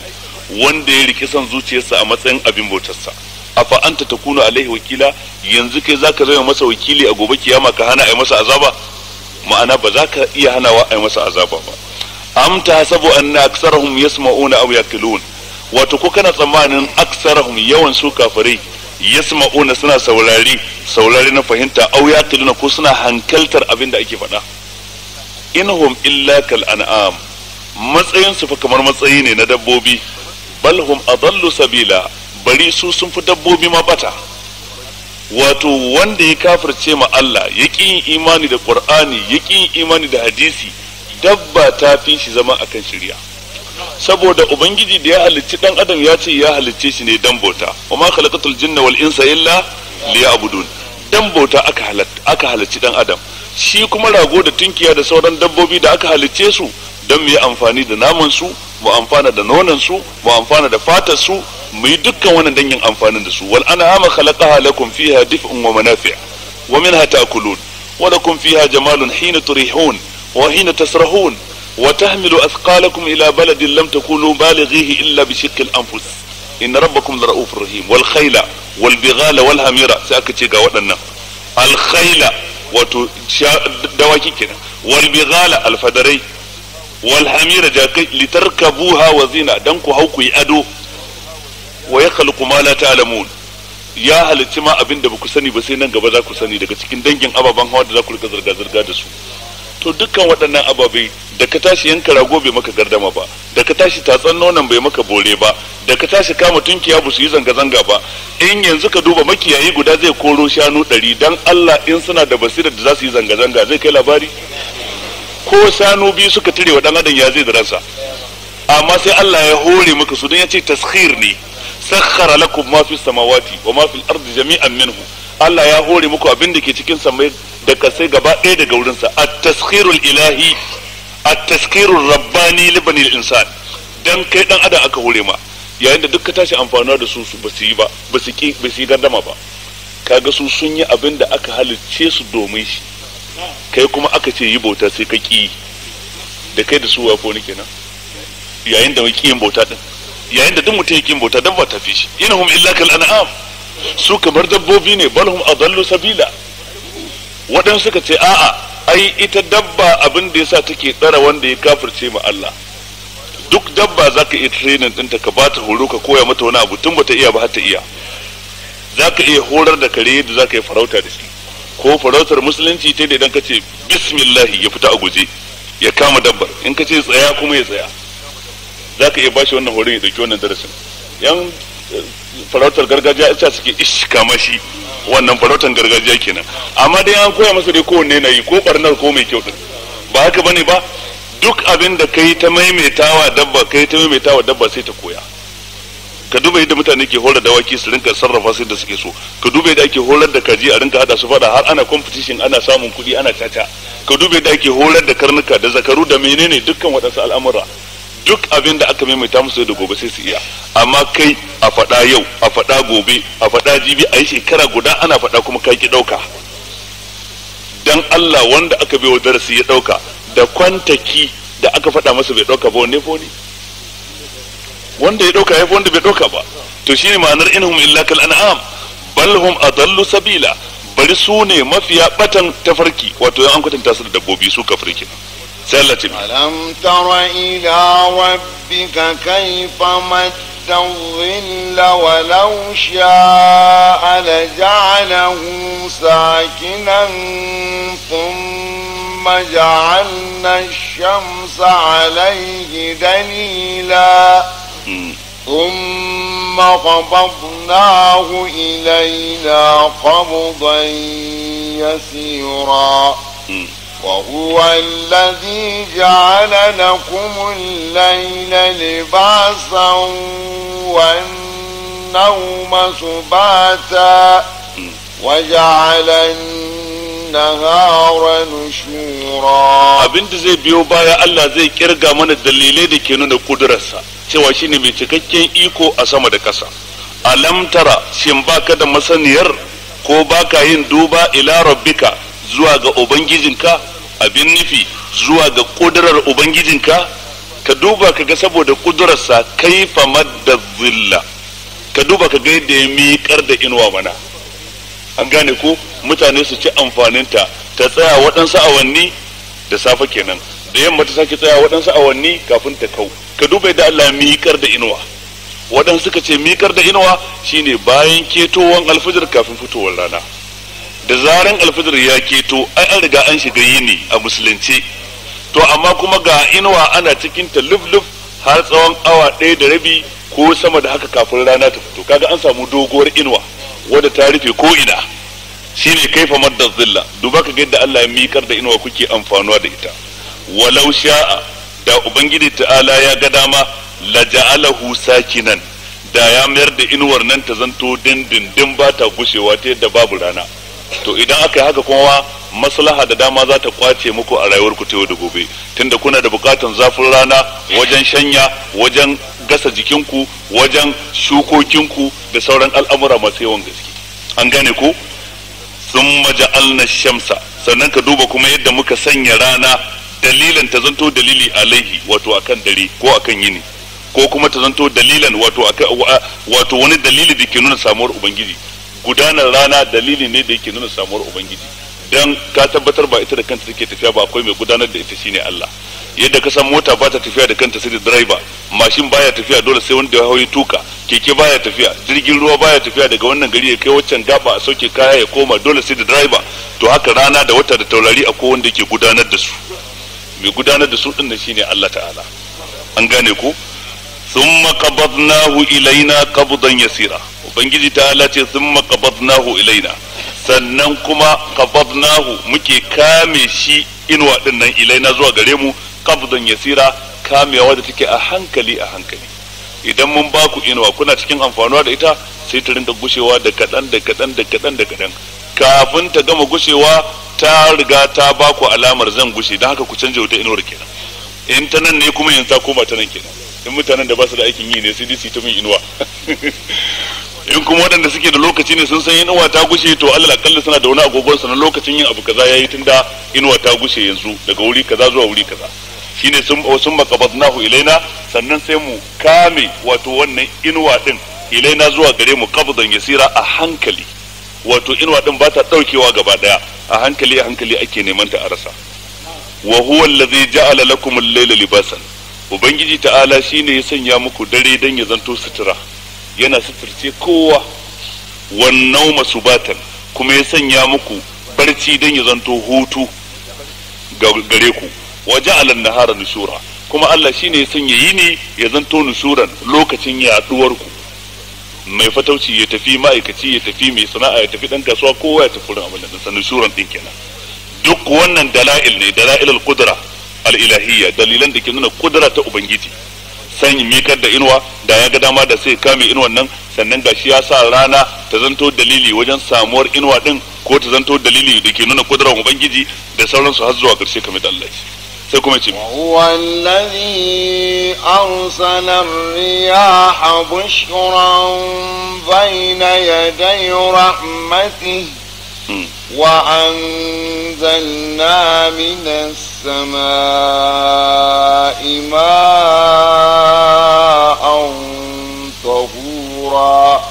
wanda ya riki san zuciyarsa a matsayin abin bautarsa afa anta takunu alaihi wakila yanzu kai zaka zama masa wakili a gobe kiyama ka hana ai masa azaba ma'ana ba za ka iya hanawa a yi masa azaba ba am ta an anna aksarahum yasma'una aw yaqilun wato ko kana tsammanin aksarahum yawan su kafirai yasma'una suna saurari saurari na fahimta aw yaqiluna ko suna hankaltar abin da ake faɗa inhum illa kal an'am matsayin su fa kamar matsayi ne na dabbobi bal hum adallu sabila bari su sun fi dabbobi ma bata wato wanda ya kafirce ma Allah ya ƙi imani da ƙur'ani ya ƙi imani da hadisi dabba ta fi shi zama akan shirya saboda ubangiji da ya halicci ɗan adam ya ce ya halicce shi ne dan bauta wa ma khalaqatul jinna wal insa illa liya'budun dan bauta aka halatta aka halicci dan adam shi kuma rago da tunkiya da sauran dabbobi da aka halicce su don mu yi amfani da naman su mu amfana da nonon su mu amfana da fatar su mu yi dukkan wannan dangin amfanin da su wal an'ama khalaqaha lakum fiha dif'un wa manafi' wa minha ta'kulun wa lakum fiha jamalun hina turihun wa hina tasrahun wa tahmilu athqalakum ila baladin lam takunu balighihi illa bi shiqqil anfus inna rabbakum la rahim wal khayla wal bighala wal hamira sai aka ce ga waɗannan al khayla wato dawaki kenan wal bighala al fadarai wal hamira jakai litarkabuha wa zina dan ku hau ku yi ado wa yakhluqu ma la ta'lamun ya halicci ma abinda baku sani ba sai nan gaba za ku sani daga cikin dangin ababen hawa da za ku rika zirga zirga da su to dukkan waɗannan ababai da ka tashi yanka rago bai maka gardama ba da ka tashi tatsan nonon bai maka bore ba da ka tashi kama tunkiya ba su yi zanga-zanga ba in yanzu ka duba makiyayi guda zai koro shanu ɗari don allah in suna da basira da za su yi zanga-zanga zai kai labari ko sanu biyu suka tire wa dan adam ya zai da ransa amma sai Allah ya hore maka su don ya ce taskhir ne sakhara lakum ma fi samawati wa ma fil ardi jami'an minhu Allah ya hore muku abin da ke cikin samai da kasai gaba ɗaya daga wurinsa sa at-taskhirul ilahi at-taskhirur rabbani li bani insan dan kai dan adam aka hore ma yayin da duk ka tashi amfanuwa da su su ba su yi ba ba su ba su yi gardama ba kaga su sun yi abin da aka halicce su domin shi kai kuma aka ce yi bauta sai ka ƙi, da kai da su wafo ne kenan yayin da mai ƙiyin bauta din yayin da duk mutum ya ƙiyin bauta dabba ta fi shi Ina hum illa kal an'am su kamar dabbobi ne bal hum adallu sabila waɗansu suka ce a'a ai ita dabba abin da yasa take tsara wanda ya kafirce ma Allah duk dabba zaka iya training ɗinta ka bata horo ka koya mata wani abu tun bata iya ba har ta iya zaka iya horar da kare yadda zaka yi farauta da shi ko farautar musulunci ta da idan ka ce bismillahi ya fita a guje ya kama dabbar in ka ce tsaya kuma ya tsaya za ka iya bashi wannan horon ya ɗauki wannan darasin yan eh, farautar gargajiya ita suke ishka mashi wannan farautar gargajiya kenan amma dai an koya masa dai kowanne na yi ko barnar ko mai kyau din ba haka bane ba duk abin da kai ta maimaitawa dabba kai ta maimaitawa dabba sai ta koya ka duba yadda mutane ke horar da waki su rinka sarrafa su da suke so ka duba yadda ake horar da kaji a rinka hada su fada har ana competition ana samun kuɗi ana caca ka duba yadda ake horar da karnuka da zakaru da menene dukkan waɗansu al'amura duk abin da aka maimaita musu da gobe sai su iya amma kai a faɗa yau a faɗa gobe a faɗa jibi a yi shekara guda ana fada kuma ka ki ɗauka dan Allah wanda aka bai wa darasi ya ɗauka da kwantaki da aka faɗa masa bai ɗauka ba wanne ne wanda ya dauka ya wanda bai dauka ba to shine ma'anar inhum illa kal an'am bal hum adallu sabila bari su ne mafiya batan tafarki wato an kwatanta su da dabbobi su kafirkin sai Allah ce alam tara ila rabbika kayfa مستظل ولو شاء لجعله ساكنا ثم جعلنا الشمس عليه دليلا ثم قبضناه إلينا قبضا يسيرا وهو الذي جعل لكم الليل لباسا والنوم سباتا وجعل النوم abinda abin da zai biyo baya Allah zai kirga mana dalilai da ke nuna kudurarsa cewa shine mai cikakken iko a sama da ƙasa alam tara shin baka da masaniyar ko baka yin duba ila rabbika zuwa ga ubangijinka abin nufi zuwa ga kudurar ubangijinka ka duba ka ga saboda kudurarsa kaifa madda zilla ka duba ka ga yadda ya miƙar da inuwa mana an gane ko mutane su ci amfaninta ta tsaya waɗansu awanni da safe kenan da yamma ta sake tsaya waɗansu awanni kafin ta kau ka duba da Allah miƙar da inuwa waɗansu suka ce miƙar da inuwa shine bayan ketowan alfijir kafin fitowar rana da zaran alfijir ya keto ai an riga an shiga yini a musulunci to amma kuma ga inuwa ana cikin ta luf har tsawon awa ɗaya da rabi ko sama da haka kafin rana ta fito kaga an samu doguwar inuwa wadda ta rufe ko ina shine kaifa madda zilla duba ka yadda Allah ya miƙar da inuwa kuke amfanuwa da ita walau sha'a da ubangiji ta'ala ya ga dama la ja'alahu sakinan da ya mayar da inuwar nan ta zanto dindindin ba ta gushewa ta yadda babu rana to idan aka yi haka kuma maslaha da dama za ta kwace muku a rayuwar ku ta yau da gobe tunda kuna da bukatan zafin rana wajen shanya wajen gasa jikinku wajen shukokinku da sauran al'amura masu yawan gaske an gane ko sun maja'alna shamsa sannan ka duba kuma yadda muka sanya rana dalilan ta zanto dalili alaihi wato akan dare ko akan yini ko kuma ta zanto dalilan wato wato wani dalili da ke nuna samuwar ubangiji gudanar rana dalili ne da yake nuna samuwar ubangiji idan ka tabbatar ba ita da kanta take tafiya ba akwai mai gudanar da ita shine Allah yadda ka san mota ba ta tafiya da kanta sai da driver mashin baya tafiya dole sai wanda ya hauyi tuka keke baya tafiya jirgin ruwa baya tafiya daga wannan gari ya kai waccan gaba a sauke kaya ya koma dole sai da driver to haka rana da wata da taurari akwai wanda ke gudanar da su mai gudanar da su din nan shine Allah ta'ala an gane ku thumma qabadnahu ilaina qabdan yasira ubangiji ta'ala ce thumma qabadnahu ilaina sannan kuma kafadnahu muke kame shi inuwa din nan ilaina zuwa gare mu kafdun yasira kamewa da take a hankali a hankali idan mun ba ku inuwa kuna cikin amfanuwa da ita sai ta rinda gushewa da kaɗan da kaɗan da kaɗan da kaɗan kafin ta gama gushewa ta riga ta ba ku alamar zan gushe don haka ku canje wuta inuwar kenan in ta nan ne kuma yanzu ta koma ta nan kenan in mutanen da ba su da aikin yi ne sai dai su ta min inuwa in kuma waɗanda suke da lokaci ne sun san inuwa ta gushe to alal akalla suna da wani agogon su na lokacin yin abu kaza yayi tunda inuwa ta gushe yanzu daga wuri kaza zuwa wuri kaza shine sun sun maqabadnahu ilaina sannan sai mu kame wato wannan inuwa din ilaina zuwa gare mu qabdan yasira a hankali wato inuwa din ba ta daukewa gaba daya a hankali a hankali ake neman ta a rasa wa huwa allazi ja'ala lakum al-layla libasan ubangiji ta'ala shine ya sanya muku dare dan ya zanto sutura yana suturce kowa wannan masu kuma ya sanya muku barci don ya zanto hutu gare ku waje alan nahara nushura kuma Allah shine ya sanya yini ya zanto nushuran lokacin yaduwar ku mai fatauci ya tafi ma'aikaci ya tafi mai sana'a ya tafi dan kasuwa kowa ya tafi wurin abin da nushuran din kenan duk wannan dala'il ne dala'il al-qudra al-ilahiyya dalilan da ke nuna kudura ta ubangiji sanyi mikar da inuwa da ya ga dama da sai kame inuwan nan sannan shi ya sa rana ta zanto dalili wajen samuwar inuwa din ko ta zanto dalili da ke nuna kudurar ubangiji da sauransu har zuwa karshe kamar da Allah sai kuma ce wallazi arsala riyah bushran bayna yaday rahmatihi وأنزلنا من السماء ماء طهورا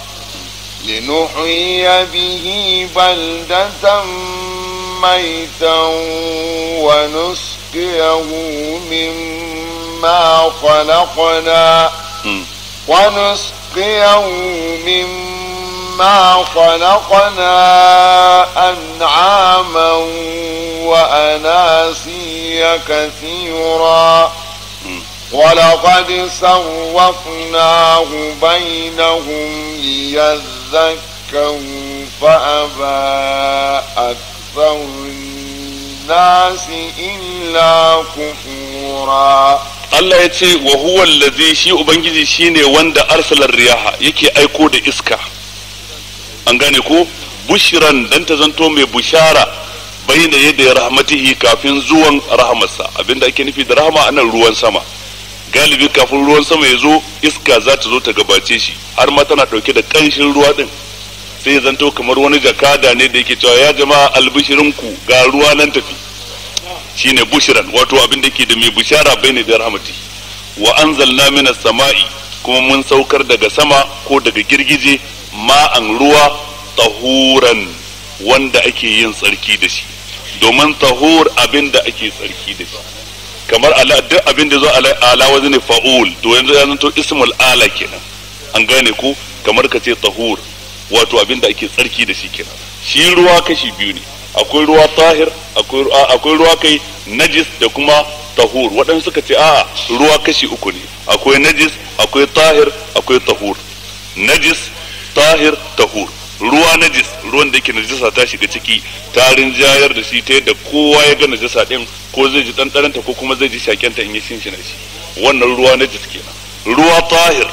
لنحيي به بلدة ميتا ونسقيه مما خلقنا ونسقيه مما ما خلقنا أنعاما وأناسيا كثيرا ولقد سوفناه بينهم ليذكروا فأبى أكثر الناس إلا كفورا Allah ya ce wa huwa allazi shi ubangiji shine wanda arsalar riyaha yake aiko da iska an gane ko bushiran dan ta zanto mai bushara da yadda rahmatihi kafin zuwan rahamarsa abinda ake nufi da rahama anan ruwan sama galibi kafin ruwan sama ya zo iska za ta zo ta gabace shi har ma tana ɗauke da ƙanshin ruwa din sai zanto kamar wani jakada ne da yake cewa ya jama'a albishirinku ga ruwa nan tafi shine bushiran wato abinda da ke da mai bushara bai ne da rahmati wa anzalna minas sama'i kuma mun saukar daga sama ko daga girgije ma'an ruwa tahuran wanda ake yin tsarki da shi domin tahur abin da ake tsarki da shi kamar duk abin da zo ala ne fa'ul to yanzu ya zanto ismul ala kenan an gane ko kamar ka ce tahur wato abin da ake tsarki da shi kenan shi ruwa kashi biyu ne akwai ruwa tahir akwai ruwa kai najis da kuma tahur waɗansu suka ce a ruwa kashi uku ne akwai najis akwai tahir akwai tahur najis tahir tahur ruwa najis ruwan da yake najisa ta shiga ciki tarin jayar da shi ta yadda kowa ya ga najisa din ko zai ji dandaranta ko kuma zai ji shakenta in ya shinshina shi wannan ruwa najis kenan ruwa tahir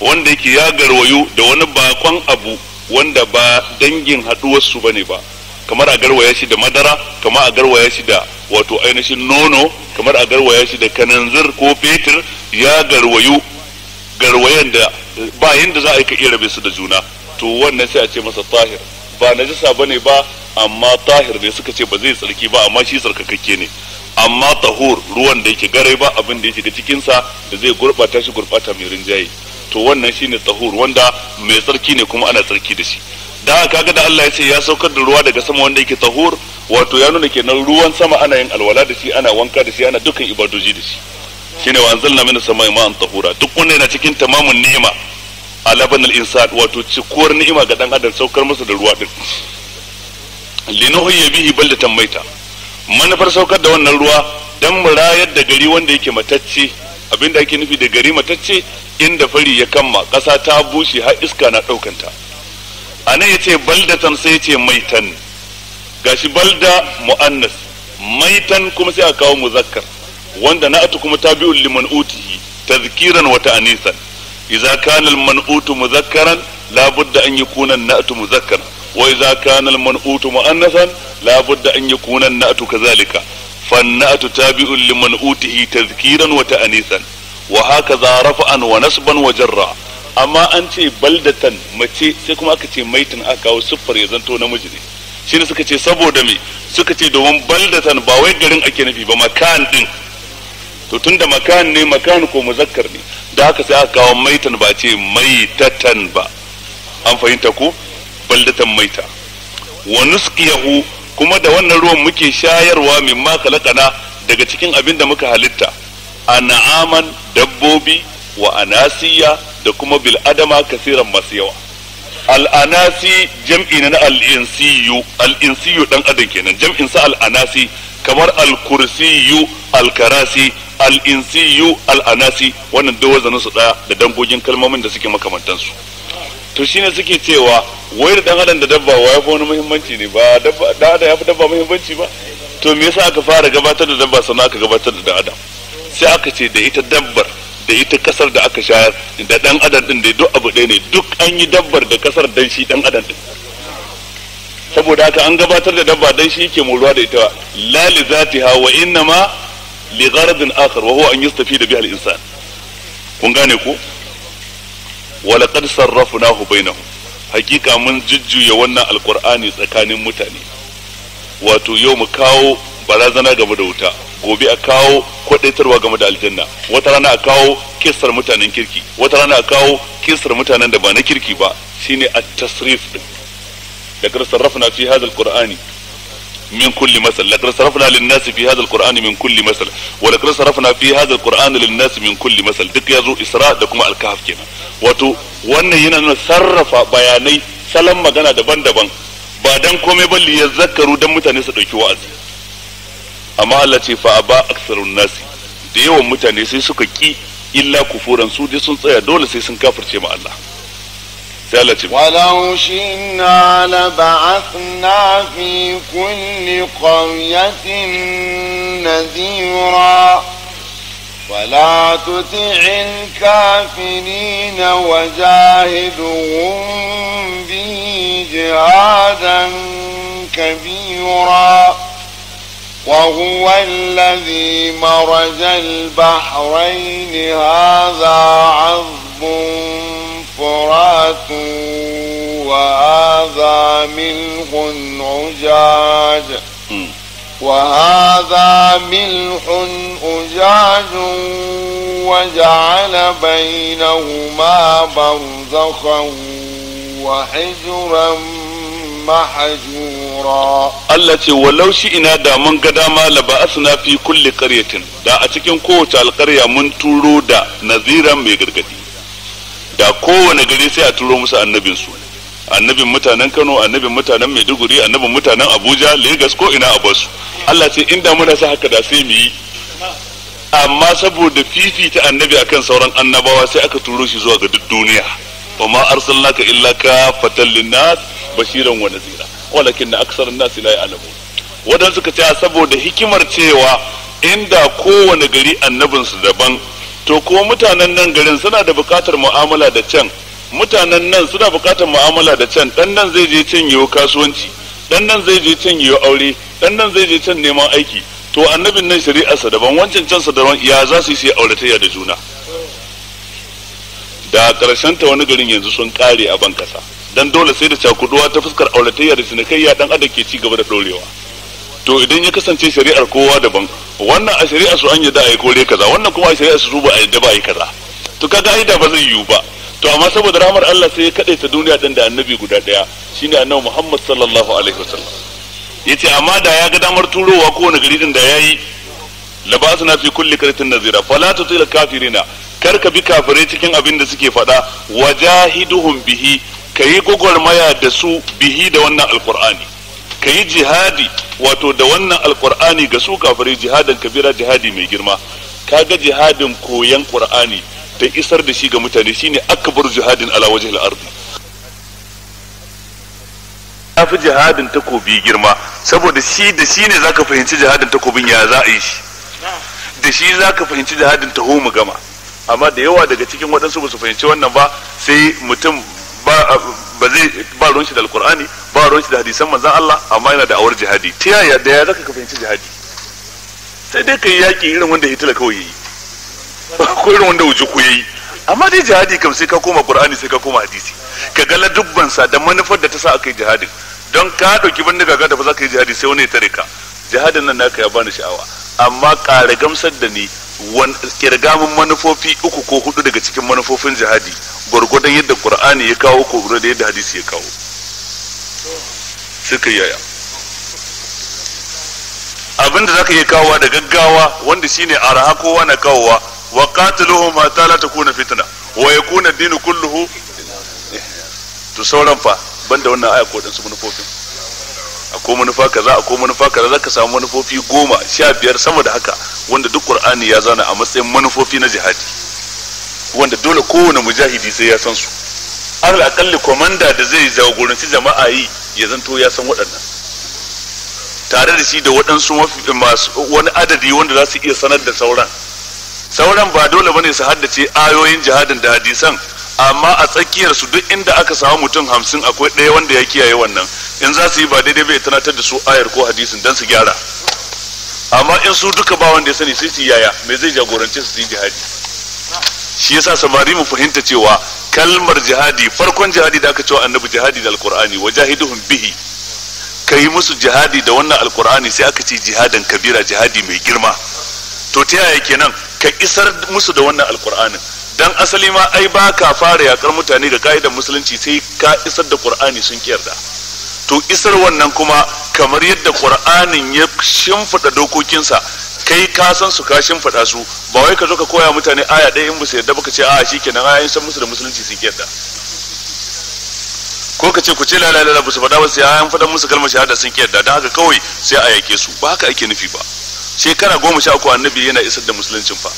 wanda yake ya garwayu da wani bakon abu wanda ba dangin haduwar su bane ba kamar a garwaya shi da madara kamar a garwaya shi da wato ainihin nono kamar a garwaya shi da kananzir ko fetur ya garwayu garwayen da ba yadda za a yi ka iya rabe su da juna to wannan sai a ce masa tahir ba na bane ba ne amma tahir ne suka ce ba zai tsarki ba amma shi tsarkakakke ne amma tahur ruwan da yake garai ba abin da yake da cikinsa da zai gurbata shi gurbata mai rinjaye to wannan shine tahur wanda mai tsarki ne kuma ana tsarki da shi da haka kaga da Allah ya ce ya saukar da ruwa daga sama wanda yake tahur wato ya nuna kenan ruwan sama ana yin alwala da shi ana wanka da shi ana dukkan ibadoji da shi shine wa anzalna min samai ma'an tahura duk wannan yana cikin tamamun ni'ima alaban al-insan wato cikuwar ni'ima ga dan adam saukar masa da ruwa din linuhyi bihi baldatan maita manufar saukar da wannan ruwa dan murayar da gari wanda yake matacce abinda ake nufi da gari matacce inda fari ya kamma kasa ta bushe har iska na daukanta anan yace baldatan sai yace maitan gashi balda muannas maitan kuma sai a kawo muzakkar wanda na na'atu kuma tabi'un liman utihi tadhkiran wa ta'nisan idza kana al-man'utu mudhakkaran la budda an yakuna an-na'tu mudhakkaran wa idza kana al-man'utu mu'annasan la budda an yakuna an-na'tu kadhalika wa jarra amma an ce baldatan mace sai kuma aka ce maitin aka kawo أكتي ya zanto وسفر يزنتو shi ne suka ce saboda me suka ce domin baldatan ba wai garin ake nufi ba makan din to tunda makan ne makan ko muzakkar ne da haka sai aka kawo maitan ba ce maitatan ba an fahimta ku baldatan maita wa nuskiyahu kuma da wannan ruwan muke shayarwa ma kalakana daga cikin abin da muka halitta ana'aman dabbobi wa anasiya da kuma bil adama kasiran masu yawa al'anasi jam'i na al'insiyu al'insiyu dan adam kenan jam'in sa al'anasi kamar al-kursiyu al-karasi al-insiyu al-anasi wannan duk wazanin su daya da dangogin kalmomin da suke makamantansu to shine suke cewa wayar dan adam da dabba wa yafi wani muhimmanci ne ba dabba da adam yafi dabba muhimmanci ba to me yasa aka fara gabatar da dabba sannan aka gabatar da adam sai aka ce da ita dabbar da ita kasar da aka shayar da dan adam din da duk abu ɗaya ne duk an yi dabbar da kasar dan shi dan adam din saboda haka an gabatar da dabba dan shi yake muruwa da ita la li zatiha wa inna ma li gharadin akhar wa huwa an yustafida biha al-insan kun gane ko wa laqad sarrafnahu bainahum hakika mun jujjuya wannan alqur'ani tsakanin mutane wato yau mu kawo barazana gaba da wuta gobe a kawo kwadaitarwa game da aljanna wata rana a kawo kisar mutanen kirki wata rana a kawo kisar mutanen da ba na kirki ba shine at-tasrif din لقد صرفنا min kulli masal من كل مثل لقد fi للناس في min kulli masal wa مثل ولقد صرفنا في هذا القرآن للناس min kulli masal duk yazo Isra da kuma al kenan wato wannan yana nuna sarrafa bayanai salon magana daban-daban ba dan komai ba li zakaru dan mutane su dauki wa'azi amma Allah ce fa aba aksarun nasi da yawan mutane sai suka ki illa kufuran su dai sun tsaya dole sai sun kafirce ma Allah sai Allah ce walau shinna la ba'athna fi kulli qaryatin nadhira ولا تطع الكافرين وجاهدهم به جهادا كبيرا وهو الذي مرج البحرين هذا عذب فرات وهذا ملح عجاج وهذا ملح أجاج وجعل بينهما برزخا وحجرا mahjura Allah ce walau ina da mun ga dama la ba'asna fi kulli qaryatin da a cikin kowace alƙarya mun turo da naziran mai gargadi da kowane gari sai a turo musu annabin su annabin mutanen Kano annabin mutanen Maiduguri annabin mutanen Abuja Lagos ko ina a basu Allah ce inda muna sa haka da sai mu yi amma saboda fifita annabi akan sauran annabawa sai aka turo shi zuwa ga duk duniya wa ma arsalnaka illa kafatan linnas bashiran wa nadhira walakin aksarun nas la ya'lamu wadan suka ce saboda hikimar cewa inda kowane gari annabin su daban to ko mutanen nan garin suna da bukatar mu'amala da can mutanen nan suna bukatar mu'amala da can dan nan zai je can yiwo kasuwanci dan nan zai je can yiwo aure dan nan zai je can neman aiki to annabin nan shari'arsa daban wancan can sa daban ya za su yi auratayya da juna da karshen ta wani garin yanzu sun kare a ban kasa dan dole sai da cakuduwa ta fuskar auratayya da sinakayya dan adam ke ci gaba da dorewa to idan ya kasance shari'ar kowa daban wannan a shari'a su an yadda a yi kore kaza wannan kuma a shari'a su ba a yadda ba a yi kaza to kaga ai da ba zai yiwu ba to amma saboda rahmar Allah sai ya ta duniya din da annabi guda daya shine annabi Muhammad sallallahu alaihi wasallam yace amma da ya ga damar turowa wani gari din da yayi labasuna fi kulli karatin nazira fala tutil kafirina kar ka bi kafirai cikin abin da suke faɗa wajahiduhum bihi yi gwagwarmaya da su bihi da wannan alqur'ani yi jihadi wato da wannan alqur'ani ga su kafirai jihadan kabira jihadi mai girma kaga jihadin koyan qur'ani da isar da shi ga mutane shine akbar jihadin ala wajhil ardi fi jihadin takobi girma saboda shi da shi ne zaka fahimci jihadin takobin ya za a yi shi da shi zaka fahimci jihadin taho mu gama amma da yawa daga cikin waɗansu ba su fahimci wannan ba sai mutum ba zai ba ruwan shi da alkur'ani ba ruwan shi da hadisan manzan Allah amma yana da awar jihadi ta yaya da ya zaka ka fahimci jihadi sai dai kai yaki irin wanda Hitler kawai yayi ko irin wanda wuce ku yayi amma dai jihadi kam sai ka koma qur'ani sai ka koma hadisi ka ga dubban sa da manufar da ta sa akai jihadin don ka dauki bindiga ga da ba za ka yi jihadi sai wani ya tare ka jihadin nan naka ya bani sha'awa amma kare gamsar da ni kirgamin manufofi uku ko hudu daga cikin manufofin jihadi gwargwadon yadda qur'ani ya kawo ko da yadda hadisi ya kawo suka yaya abin da zaka iya kawowa da gaggawa wanda shine araha kowa na kawowa wa ma ta la takuna fitna wa yakuna kuna dini kulluhu to sauran fa banda wannan aya ko manufofin akwai manufa kaza akwai manufa kaza zaka samu manufofi goma sha biyar sama da haka wanda duk qur'ani ya zana a matsayin manufofi na jihadi wanda dole kowane mujahidi sai ya san su alal akalli komanda da zai jagoranci jama'a yi ya zanto ya san waɗannan tare da shi da waɗansu masu wani adadi wanda za su iya sanar da sauran sauran ba dole bane su haddace ayoyin jihadin da hadisan amma a tsakiyar su duk inda aka samu mutum hamsin akwai ɗaya wanda ya kiyaye wannan in za su yi ba daidai bai tunatar da su ayar ko hadisin dan su gyara amma in su duka ba wanda ya sani sai su yaya mai zai jagorance su yi jihadi shi yasa samari mu fahimta cewa kalmar jihadi farkon jihadi da aka cewa annabi jihadi da alqur'ani wajahiduhum bihi kai musu jihadi da wannan alqur'ani sai aka ce jihadin kabira jihadi mai girma to ta yaya kenan ka isar musu da wannan alqur'anin dan asali ma ai ba ka fara yakar mutane da ka'idar musulunci sai ka isar da qur'ani sun kiyarda to isar wannan kuma kamar yadda qur'anin ya shimfida dokokinsa kai ka san su ka shimfida su ba wai ka zo ka koya mutane aya ɗaya in ba su yarda ba ka ce a'a shikenan aya in san musu da musulunci su yadda ko ka ce ku ce lalala la ba su faɗa ba sai an faɗa musu kalmar shahada sun yadda don haka kawai sai a yake su ba haka ake nufi ba shekara goma sha uku annabi yana isar da musuluncin fa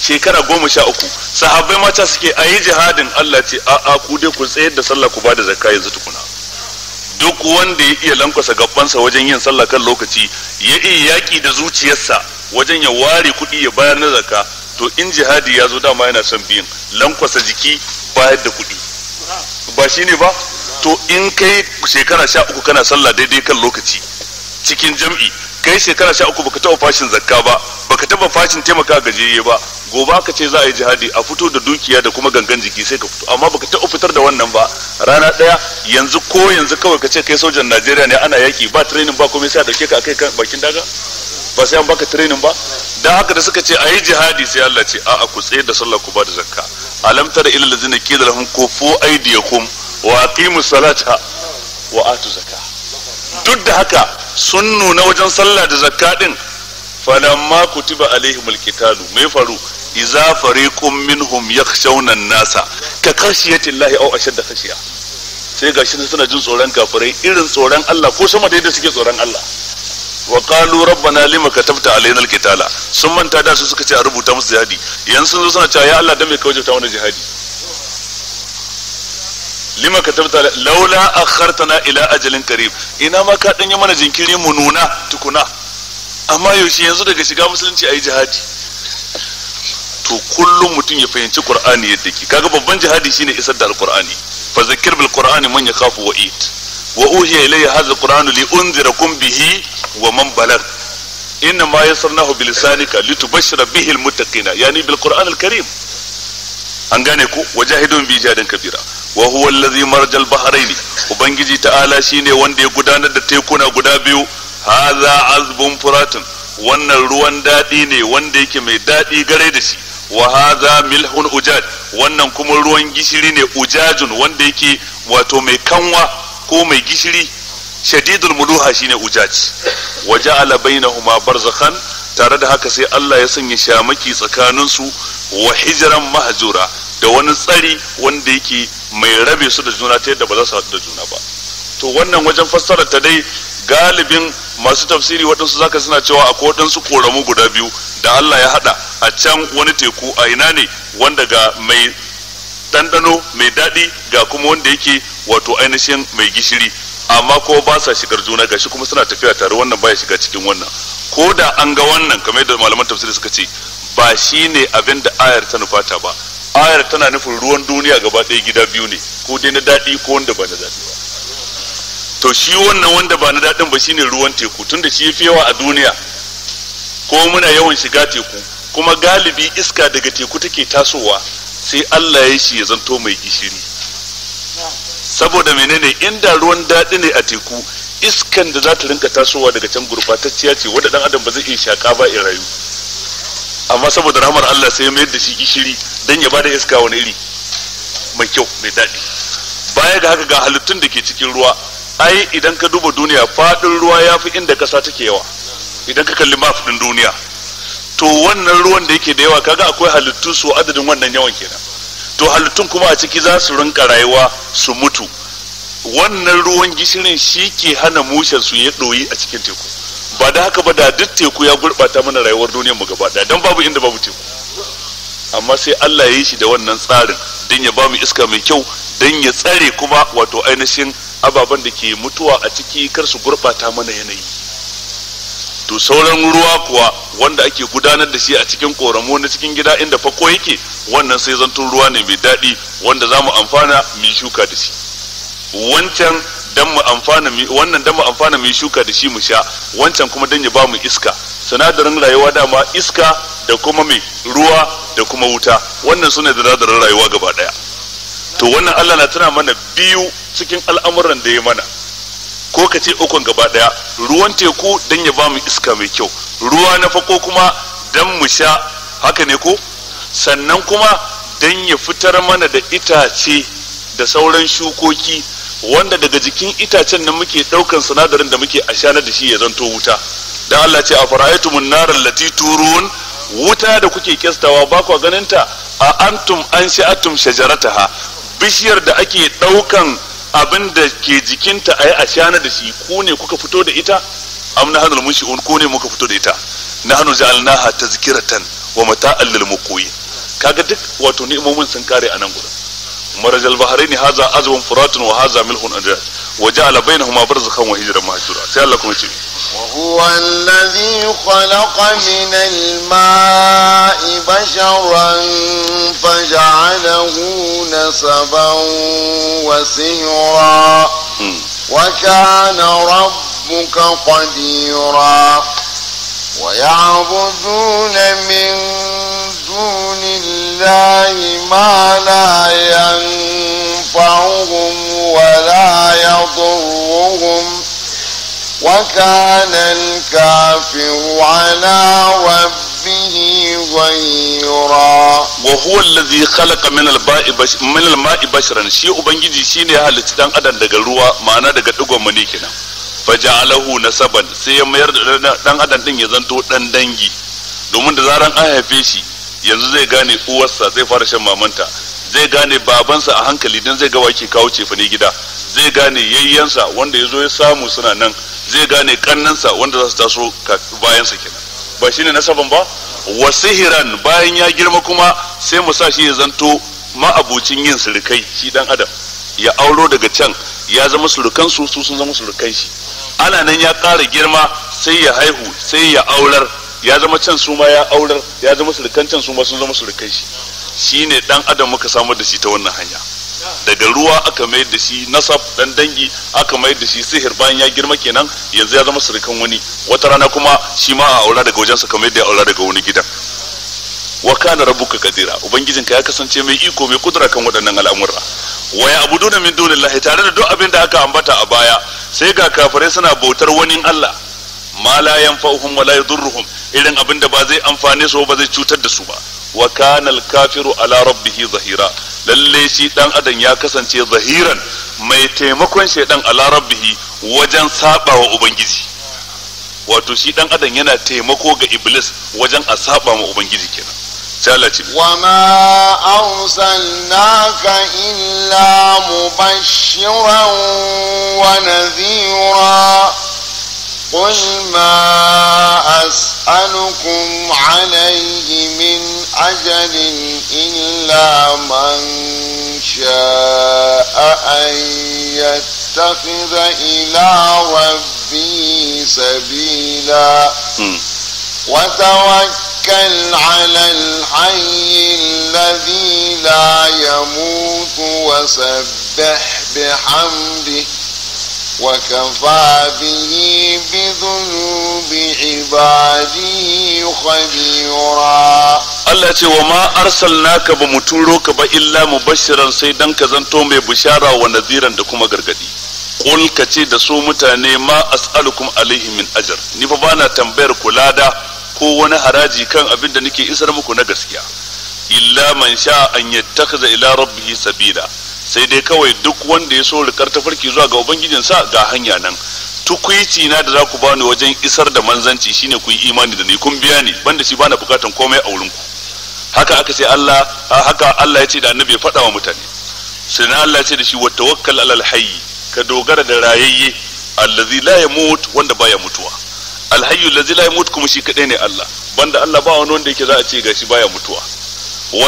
shekara goma sha uku sahabbai mata suke a yi jihadin allah ce a a ku dai ku tsayar da sallah ku ba da zakka yanzu tukuna duk wanda ya iya lankwasa gabansa wajen yin sallah kan lokaci ya iya yaƙi da zuciyarsa wajen ya ware kuɗi ya bayar na zaka to in jihadi ya zo dama yana son biyan lankwasa jiki bayar da kuɗi ba shi ne ba to in kai shekara sha uku kana sallah daidai kan lokaci cikin jam'i kai shekara sha uku baka taɓa fashin zakka ba baka taɓa fashin taimaka gajiyayye ba gobe ka ce za a yi jihadi a fito da dukiya da kuma gangan jiki sai ka fito amma baka taɓa fitar da wannan ba rana ɗaya yanzu ko yanzu kawai ka ce kai sojan najeriya ne ana yaki ba training ba komai sai a ɗauke ka akai bakin daga ba sai an baka training ba dan haka da suka ce a yi jihadi sai Allah ce a ku tsaye da sallah ku ba da zakka alam tara ila ko fo lahum kufu aydiyakum wa aqimus salata wa atu zakah duk da haka sun nuna wajen sallah da zakka din falamma kutiba alaihim alqitalu me faru iza fariqum minhum yakhshawna nasa ka khashiyati llahi aw ashadda khashiya sai gashi suna jin tsoron kafirai irin tsoron Allah ko sama da yadda suke tsoron Allah wa qalu rabbana lima katabta alaina alqitala sun manta da su suka ce a rubuta musu jihadi yanzu sun zo suna cewa ya Allah dan me kawaje ta wani jihadi lima ka tabbata laula akhartana ila ajalin qarib ina ma ka danya mana jinkiri mu nuna tukuna amma yaushe yanzu daga shiga musulunci ayi jihadi to kullum mutum ya fahimci qur'ani yadda ke kaga babban jihadi shine isar da alqur'ani fa zakkir bil qur'ani man yakhafu wa'id wa uhiya ilayya hadha alqur'anu li unzirakum bihi wa man balag inna ma yasarnahu bi lisanika litubashshira bihi almuttaqina yani bil qur'an alkarim an gane ku wajahidun bi jadin kabira wa huwa allazi marjal bahrain ubangiji ta'ala shine wanda ya gudanar da tekuna guda biyu hadha azbun furatun wannan ruwan dadi ne wanda yake mai dadi gare da shi wa hadha milhun ujaj wannan kuma ruwan gishiri ne ujajun wanda yake wato mai kanwa ko mai gishiri shadidul muluha shine ujaj wa ja'ala bainahuma barzakhan tare da haka sai Allah ya sanya shamaki tsakaninsu wa hijran mahjura da wani tsari wanda yake mai rabe su da juna ta yadda ba za su haɗu da juna ba to wannan wajen fassara ta dai galibin masu tafsiri waɗansu zaka suna cewa akwai waɗansu koramu guda biyu da Allah ya haɗa a can wani teku a ina ne wanda ga mai ɗanɗano mai daɗi ga kuma wanda yake wato ainihin mai gishiri amma ko ba sa shigar juna gashi kuma suna tafiya tare wannan baya shiga cikin wannan ko da an ga wannan kamar yadda malaman tafsiri suka ce ba shi ne abin da ayar ta nufata ba ayar tana nufin ruwan duniya gaba ɗaya gida biyu ne ko dai na daɗi ko wanda ba na daɗi ba to shi wannan wanda ba na daɗin ba shine ruwan teku tunda shi fi yawa a duniya ko muna yawan shiga teku kuma galibi iska daga teku take tasowa sai Allah ya shi ya zanto mai gishiri saboda menene inda ruwan daɗi ne a teku iskan da za ta rinka tasowa daga can gurbatacciya ce wanda dan adam ba zai iya shaka ba in rayu amma saboda rahmar Allah sai mayar da shi gishiri dan ya bada iska wani iri mai kyau mai daɗi baya ga haka ga halittun da ke cikin ruwa ai idan ka duba duniya faɗin ruwa ya fi inda ƙasa take yawa idan ka kalli maf ɗin duniya to wannan ruwan da yake da yawa kaga akwai halittu su adadin wannan yawan kenan to halittun kuma a ciki za su rinka rayuwa su mutu wannan ruwan gishirin shi ke hana mushen su ya ɗoyi a cikin teku ba da haka ba da duk teku ya gurɓata mana rayuwar duniyar mu gaba daya don babu inda babu teku amma sai Allah ya yi shi da wannan tsarin don ya ba mu iska mai kyau don ya tsare kuma wato ainihin ababen da ke mutuwa a ciki kar su gurɓata mana yanayi to sauran ruwa kuwa wanda ake gudanar da shi a cikin koramu na cikin gida inda fako yake wannan sai zantun ruwa ne mai daɗi wanda za mu amfana mu shuka da shi wancan dan mu amfana wannan dan mu amfana mu shuka da shi mu sha wancan kuma dan ya ba mu iska sinadarin rayuwa dama iska da kuma mai ruwa da kuma wuta wannan sune sinadarin rayuwa gaba daya to wannan Allah na tana mana biyu cikin al'amuran da ya mana ko kace ce ukun gaba daya ruwan teku dan ya ba mu iska mai kyau ruwa na fako kuma dan mu sha haka ne ko sannan kuma dan ya fitar mana da itace da sauran shukoki wanda daga jikin itacen nan muke daukan sinadarin da muke ashana da shi ya zanto wuta dan Allah ce a fara'aytumun naral lati turun wuta da kuke kestawa ba ku ganin ta a antum an sha'atum shajarataha bishiyar da ake daukan abin da ke jikinta a yi ashana da shi ku ne kuka fito da ita am na hannun ku ne muka fito da ita na ta ja'alnaha tazkiratan wa mata'an lil muqwin kaga duk wato ni'imomin sun kare a nan gurin مرج البحرين هذا عذب فرات وهذا ملح أجاج وجعل بينهما برزخا وهجرا مهجورا كما كون وهو الذي خلق من الماء بشرا فجعله نسبا وسهرا وكان ربك قديرا ويعبدون من دون الله ما لا ينفعهم ولا يضرهم وكان الكافر على ربه غيرا وهو الذي خلق من الماء من الماء بشرا شيء ubangiji شيء ya halicci dan adam daga ruwa ma'ana daga digon faja'alahu nasaban sai ya mayar da dan adam din ya zanto dan dangi domin da zaran an haife shi yanzu zai gane uwarsa zai fara shan mamanta zai gane babansa a hankali dan zai ga wake kawo cefane gida zai gane yayyansa wanda ya zo ya samu suna nan zai gane kannansa wanda za su taso bayansa kenan ba shine nasaban ba wa sihiran bayan ya girma kuma sai mu sa shi ya zanto ma'abucin yin surukai shi dan adam ya auro daga can ya zama surukan su su sun zama surukan shi ana nan ya ƙara girma sai ya haihu sai ya aurar ya zama can su ma ya aurar ya zama surukan can su ma sun zama surukan shi shine ɗan adam muka samar da shi ta wannan hanya daga ruwa aka mayar da shi nasab dan dangi aka mayar da shi sihir bayan ya girma kenan yanzu ya zama surukan wani wata rana kuma shi ma a aura daga wajensa kamar yadda ya aura daga wani gidan wa kana rabbuka kadira ubangijinka ya kasance mai iko mai kudura kan waɗannan al'amura wa na min dunillahi tare da duk abin da aka ambata a baya sai ga kafirai suna bautar wani Allah ma la yanfa'uhum wa la yadhurruhum irin abin da ba zai amfane su ba zai cutar da su ba wa kana al-kafiru ala rabbihi zahira lalle shi dan adam ya kasance zahiran mai taimakon shaidan ala rabbihi wajen sabawa ubangiji wato shi dan adam yana taimako ga iblis wajen a saba ubangiji kenan وما أرسلناك إلا مبشرا ونذيرا قل ما أسألكم عليه من أجل إلا من شاء أن يتخذ إلى ربه سبيلا وتوكل توكل على الحي الذي لا يموت وسبح بحمده وكفى به بذنوب عباده خبيرا الله وما أرسلناك بمتولوك إلا مبشرا سيدان كزنتم ببشارة ونذيرا دكما غرغدي قل كتي دسو متاني ما أسألكم عليه من أجر نفبانا تنبير كولادا ko wani haraji kan abin da nake isar muku na gaskiya illa man sha an yattakhadha ila rabbihi sabila sai dai kawai duk wanda ya so rikar tafarki zuwa ga ubangijin sa ga hanya nan tukuici na da za ku bani wajen isar da manzanci shine ku yi imani da ni kun biya ni banda shi bana bukatan komai a wurinku haka aka ce Allah haka Allah ya ce da annabi ya faɗa wa mutane sai na Allah ya ce da shi wa tawakkal alal hayy ka dogara da rayayye allazi la yamut wanda baya mutuwa alhayyu allazi la yamut kuma shi kadai ne Allah banda Allah ba wani wanda yake za a ce gashi baya mutuwa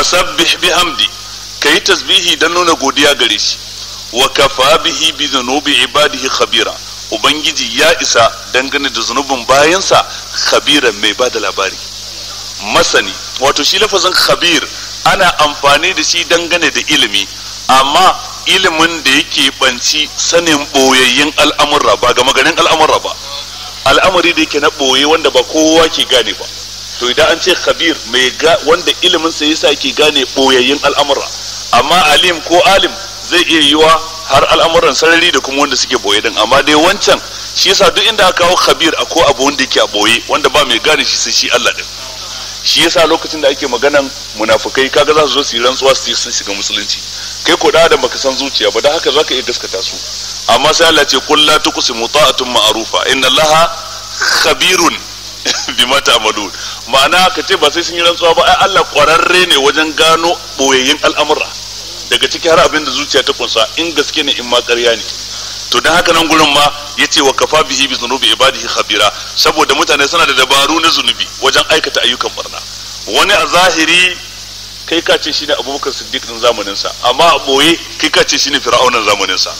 sabbih bihamdi kai tasbihi dan nuna godiya gare shi wa kafa bihi bi zanubi ibadihi khabira ubangiji ya isa dangane da zunubin bayansa khabira mai ba da labari masani wato shi lafazin khabir ana amfani da shi dangane da ilimi amma ilimin da yake banci sanin boyayyen al'amurra ba ga maganin al'amurra ba al'amari da yake na ɓoye wanda ba kowa ke gane ba to idan an ce khabir mai wanda ilimin sa yasa ke gane ɓoyayyen al'amura amma alim ko alim zai iya yiwa har al'amuran sarari da kuma wanda suke boye din amma dai wancan shi yasa duk inda aka kawo khabir ko abu wanda yake a boye wanda ba mai gane shi sai shi Allah din shi yasa lokacin da ake maganan munafukai kaga za su zo su yi rantsuwa su yi shiga musulunci kai ko da adam baka san zuciya ba da haka zaka iya gaskata su amma sai Allah ce qul la tuqsimu ta'atun ma'rufa inna allaha khabirun bima ta'malun ma'ana ka ce ba sai sun yi rantsuwa ba ai Allah kwararre ne wajen gano boyayyin al'amura daga ciki har abin da zuciya ta kunsa in gaske ne in ma ƙarya ne to dan haka nan gurin ma yace wa kafa bihi bi zunubi ibadihi khabira saboda mutane suna da dabaru na zunubi wajen aikata ayyukan barna wani a zahiri kai ka ce shine abubakar siddiq din sa amma a boye kai ka ce shine fir'aunan sa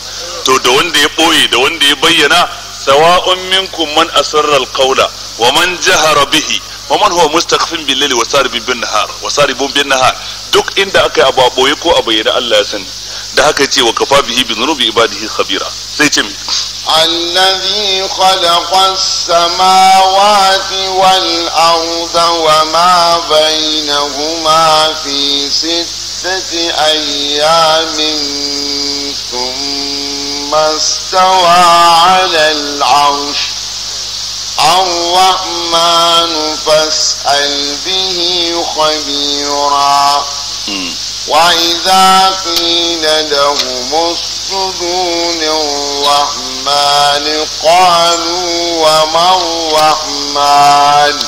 to da wanda ya boye da wanda ya bayyana sawa'un minkum man asarra alqawla wa man jahara bihi wa man huwa mustaqfin bil-layli wa saribun bin nahar wa saribun bin nahar duk inda aka yi abu a boye ko a bayyana Allah ya sani da haka ce wa kafa bihi bi dhunubi ibadihi khabira sai ce الذي خلق السماوات والأرض وما بينهما في ستة أيام ثم استوى على العرش الرحمن فاسأل به خبيرا وإذا قيل لهم اسجدوا للرحمن قالوا وما الرحمن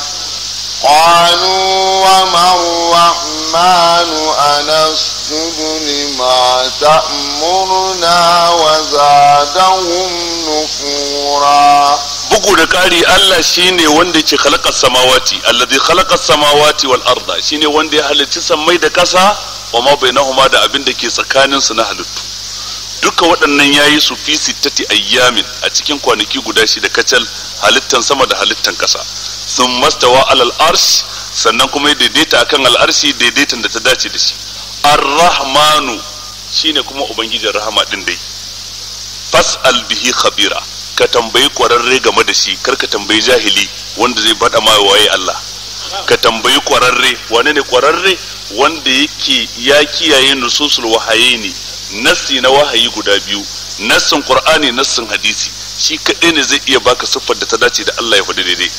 قالوا وما الرحمن أنسجد لما تأمرنا وزادهم نفورا bugu da ƙari Allah shine wanda ke khalaqa samawati allazi khalaqa samawati wal arda shine wanda ya halicci sammai da ƙasa wa ma bainahuma da abin da ke tsakanin su na halittu duka waɗannan yayi su fi sittati ayyamin a cikin kwanaki guda shida kacal halittan sama da halittan ƙasa sun mastawa alal arsh sannan kuma ya daidaita akan al'arshi daidaitan da ta dace da shi ar-rahmanu shine kuma ubangijin rahama din dai fas'al bihi khabira ka tambayi kwararre game da shi karka tambayi jahili wanda zai bada ma waye Allah ka tambayi ƙwararre wane ne kwararre wanda yake ya kiyaye nususul wahayi nassi na wahayi guda biyu nassin qur'ani nassin hadisi shi kaɗai ne zai iya baka siffar da ta dace da Allah ya faɗi daidai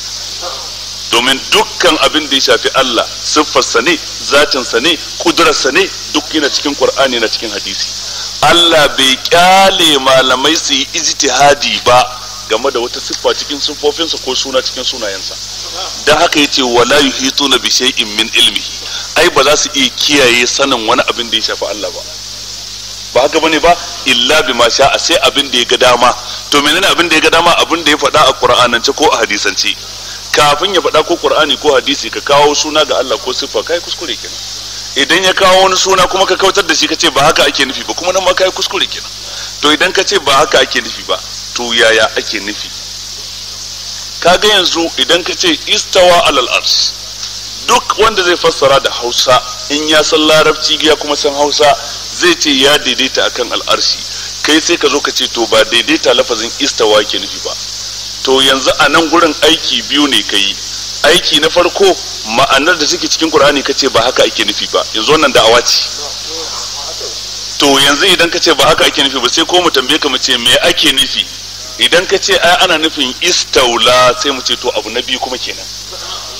domin dukkan abin da ya shafi Allah siffarsa ne zatinsa ne kudurarsa ne duk yana cikin qur'ani na cikin hadisi Allah bai kyale malamai su yi ijtihadi ba game da wata siffa cikin siffofinsa ko suna cikin sunayensa dan haka yace wala yuhituna bi shay'in min ilmi ai ba za su iya kiyaye sanin wani abin da ya shafi Allah ba ba haka bane ba illa bi ma sha'a sai abin da ya ga dama to menene abin da ya ga dama abin da ya faɗa a qur'anance ko a hadisance kafin ya faɗa ko qur'ani ko hadisi ka kawo suna ga Allah ko siffa kai kuskure kenan idan ya kawo wani suna kuma ka kautar da shi ka ce ba haka ake nufi ba kuma nan ma kai kuskure kenan to idan ka ce ba haka ake nufi ba to yaya ake nufi kaga yanzu idan ka ce istawa alal ars duk wanda zai fassara da hausa in ya san larabci ya kuma san hausa zai ce ya daidaita akan al'arshi kai sai ka zo ka ce to ba daidaita lafazin istawa ke nufi ba to yanzu a nan gurin aiki biyu ne ka yi aiki na farko ma'anar da suke cikin qur'ani kace ba haka ake nufi ba yanzu wannan da'awa ce to yanzu idan kace ba haka ake nufi ba sai ko mu tambaye ka mu ce me ake nufi idan ka ce ai ana nufin istaula sai mu ce to abu na biyu kuma kenan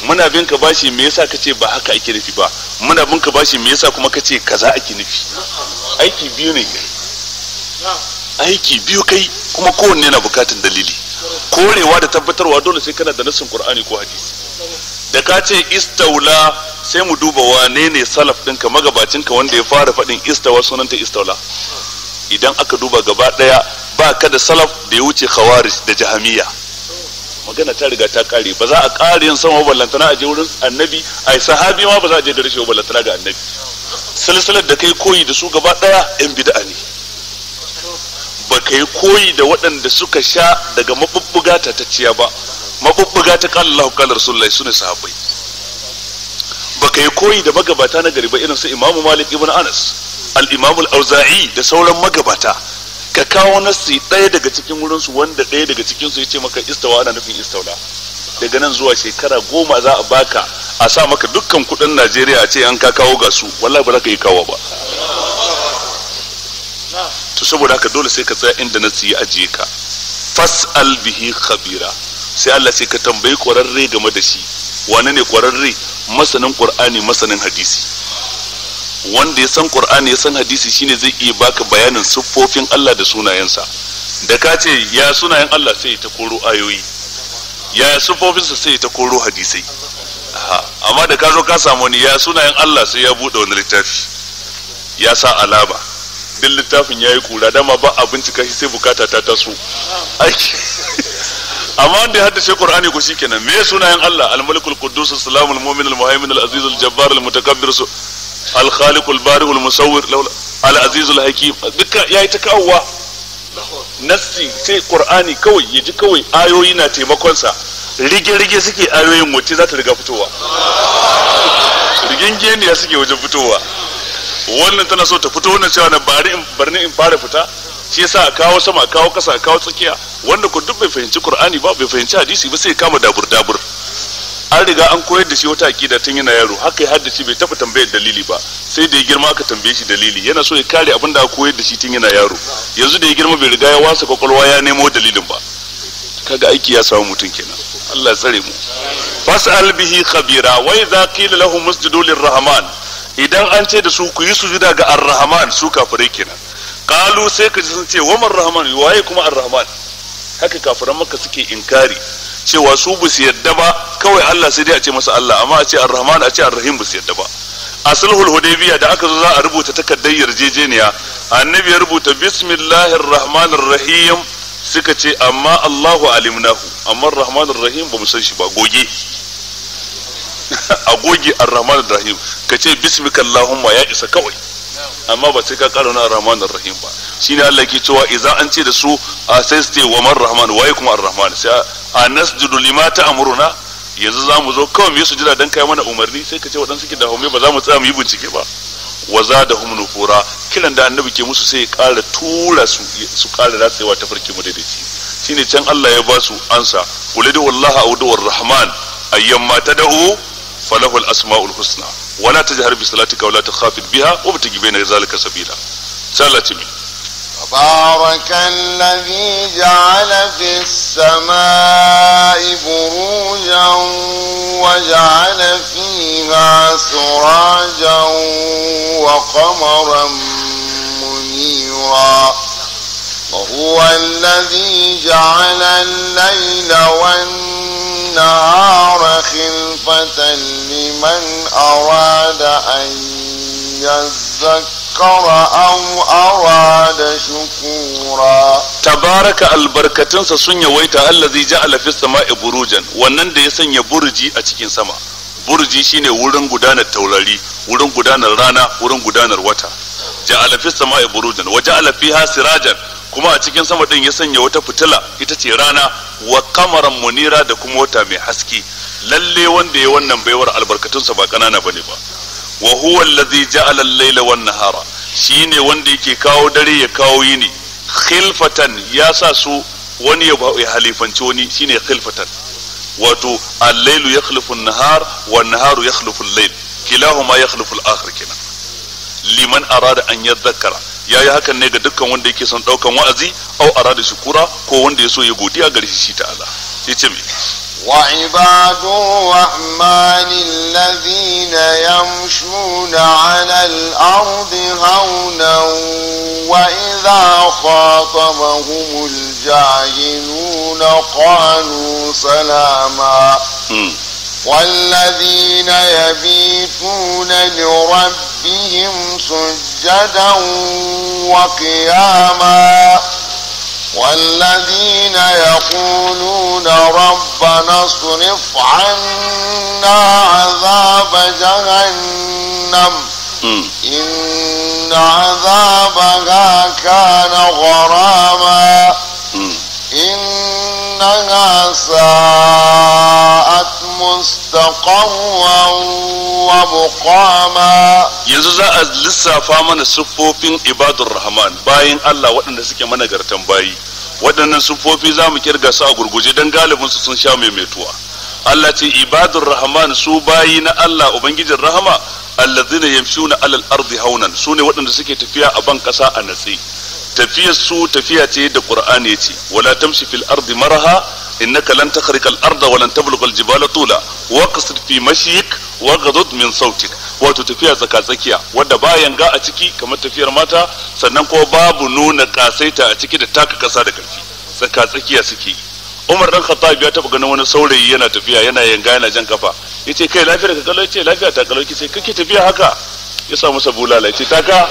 muna bin ka bashi me yasa ka ce ba haka ake nufi ba muna bin ka bashi me yasa kuma ka ce kaza ake nufi aiki biyu ne aiki biyu kai kuma kowanne na bukatun dalili korewa da tabbatarwa dole sai kana da nassin qur'ani ko hadisi da ka ce istaula sai mu duba wane ne salaf ɗinka magabacinka wanda ya fara faɗin istawa sunanta istaula idan aka duba gaba ɗaya ba ka da salaf da ya wuce khawarij da jahamiya magana ta riga ta kare ba za a kare yin sama ballantana a je wurin annabi a sahabi ma ba za a je da rashin ballantana ga annabi silsilar da kai koyi da su gaba ɗaya yan bid'a ne ba kai koyi da waɗanda suka sha daga mabubbuga tatacciya ba mabubbuga ta qala Allah qala rasulullahi sune sahabbai baka yi koyi da magabata na gari ba irin su Imam Malik ibn Anas al-Imam al-Auza'i da sauran magabata ka kawo nasi ɗaya daga cikin wurin su wanda ɗaya daga cikin su yace maka istawa ana nufin istaula daga nan zuwa shekara goma za a baka a sa maka dukkan kudin Najeriya a ce an ka kawo ga su wallahi ba za ka yi kawo ba to saboda haka dole sai ka tsaya inda nasi ya ajiye ka fas'al bihi khabira sai Allah sai ka tambayi ƙwararre game da shi wane ne ƙwararre masanin ƙur'ani masanin hadisi wanda ya san ƙur'ani ya san hadisi shine zai iya baka bayanin siffofin Allah da sunayensa da ka ce ya sunayen Allah sai ta koro ayoyi ya siffofinsa sai ta koro hadisai amma da ka zo ka samu ni ya sunayen Allah sai ya buɗe wani littafi ya sa alama duk littafin ya yi kura dama ba abinci kashi sai bukata ta taso aiki amma wanda ya haddace qur'ani ko shikenan me sunayen Allah al-malikul quddus as-salamul mu'min al-muhaimin al-aziz al-jabbar al-mutakabbir al-khaliq al-bari al-musawwir al-aziz al-hakim duka yayi ta kawwa nasti sai qur'ani kawai yaji kawai ayoyi na taimakon sa rige rige suke ayoyin wace za ta riga fitowa geniya suke wajen fitowa wannan tana so ta fito wannan cewa na bari in bari in fara fita shi yasa a kawo sama a kawo kasa a kawo tsakiya wanda ku duk bai fahimci kur'ani ba bai fahimci hadisi ba sai kama dabur dabur an riga an koyar da shi wata da tun yana yaro haka ya haddace bai taba tambayar dalili ba sai da ya girma aka tambaye shi dalili yana so ya kare abin da aka koyar da shi tun yana yaro yanzu da ya girma bai riga ya wasa kwakwalwa ya nemo dalilin ba kaga aiki ya samu mutum kenan Allah tsare mu fas'al bihi khabira wa idza qila lahum musjidu lirrahman idan an ce da su ku yi sujuda ga arrahman su kafirai kenan kalu sai ka ji sun ce waman rahman waye kuma ar-rahman haka kafiran makka suke inkari cewa su bu su yadda ba kawai Allah sai dai a ce masa Allah amma a ce ar-rahman a ce ar-rahim bu su yadda ba a sulhul hudaybiya da aka zo za a rubuta takardar yarjejeniya annabi ya rubuta bismillahir rahmanir rahim suka ce amma Allahu alimnahu amma ar-rahmanir rahim ba mu san shi ba goge a goge ar-rahmanir rahim ka ce bismika allahumma ya isa kawai amma ba sai ka karo na rahman rahim ba ne Allah ke cewa idan an ce da su a sai su wa man rahman waye kuma ar-rahman sai a nasjudu lima ta'muruna yanzu za mu zo kawai mu sujuda dan kai mana umarni sai ka ce waɗansu ke da hume ba za mu tsaya mu yi bincike ba wa za da hum nufura kiran da annabi ke musu sai ya tura su su ƙara ratsewa ta farki mu shi ne can Allah ya ba su ansa qul wallaha awdu rahman ayyamma tad'u falahu al-asma'ul husna ولا تجهر بصلاتك ولا تخافت بها وابتغ بين ذلك سبيلا سالت من تبارك الذي جعل في السماء بروجا وجعل فيها سراجا وقمرا منيرا وهو الذي جعل الليل والنهار خلفة لمن أراد أن يذكر أو أراد شكورا تبارك البركة سسنية ويتا الذي جعل في السماء بروجا ونند سنية برجي أتكين سما burji shine wurin gudanar taurari wurin gudanar rana wurin gudanar wata ja'ala fis sama'i burujan wa ja'ala fiha sirajan kuma a cikin sama din ya sanya wata fitila ita ce rana wa kamaran munira da kuma wata mai haske lalle wanda ya wannan baiwar albarkatunsa ba kanana bane ba wa huwa allazi ja'ala al-laila wan nahara shine wanda yake kawo dare ya kawo yini khilfatan ya sa su wani ya halifanci wani shine khilfatan wato al-lailu yakhlifu an-nahar wan naharu yakhlifu al-lail kilahuma yakhlifu al-akhir kenan liman arada an yadhakkara yayi hakan ne ga dukkan wanda yake son daukan wa'azi au arada shukura ko wanda ya so ya godiya gare shi shi ta'ala yace me وعباد الرحمن الذين يمشون على الأرض هونا وإذا خاطبهم الجاهلون قالوا سلاما والذين يبيتون لربهم سجدا وقياما والذين يقولون ربنا اصرف عنا عذاب جهنم إن عذابها كان غراما مستقرا ومقاما yanzu za a lissafa mana siffofin ibadur rahman bayan Allah waɗanda suke gartan bayi waɗannan siffofi za mu kirga su a gurguje don galibinsu sun sha maimaituwa Allah ce ibadur rahman su bayi na Allah ubangijin rahama allazina yamshuna alal ardi haunan su ne waɗanda suke tafiya a ban ƙasa a natsi tafiyar su tafiya ce da qur'ani ce wala tamshi fil ardi maraha innaka lan takhriqa al-arda wa lan tablugha al-jibala tula waqsid fi mashyik wa ghadud min sautik wato tafiya tsakatsakiya wanda ba yanga a ciki kamar tafiyar mata sannan ko babu nuna kasaita a ciki da taka kasa da karfi tsakatsakiya suke Umar dan Khattab ya taba ganin wani saurayi yana tafiya yana yanga yana jan kafa yace kai lafiyar ka kallo yace lafiya ta kallo sai kake tafiya haka ya sa masa bulala yace taka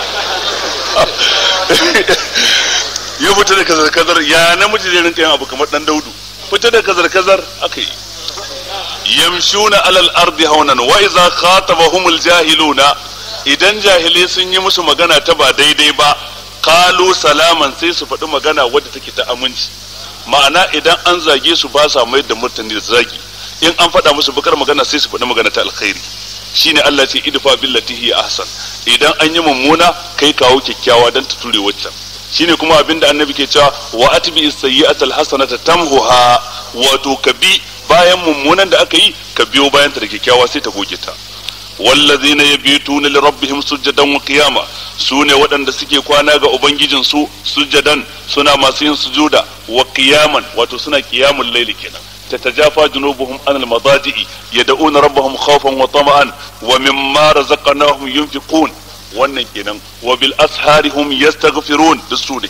ya mutu da kazar kazar ya namiji zai rinka yin abu kamar dan daudu fita da kazar-kazar aka yi yamshuna alal ardi haunan wa idza khatabahum jahiluna idan jahilai sun yi musu magana ta ba daidai ba qalu salaman sai su faɗi magana wadda take ta aminci ma'ana idan an zage su ba sa mai da murtani da zagi in an faɗa musu bukar magana sai su faɗi magana ta alkhairi shine Allah ce idfa billati hi ahsan idan an yi mummuna kai kawo kyakkyawa dan ta ture waccan shine kuma abinda annabi ke cewa wa atbi sayyi'ata alhasanata tamhuha wato ka bayan mummunan da aka yi ka biyo bayan ta da kyakkyawa sai ta goge ta wallazina yabituna li rabbihim sujadan wa qiyama sune waɗanda suke kwana ga ubangijin su sujadan suna masu yin sujuda wa qiyaman wato suna qiyamul layli kenan تتجافى جنوبهم عن المضاجئ يدعون ربهم خوفا wa ومما رزقناهم ينفقون wannan kenan wa bil asharihum yastaghfirun dusu ne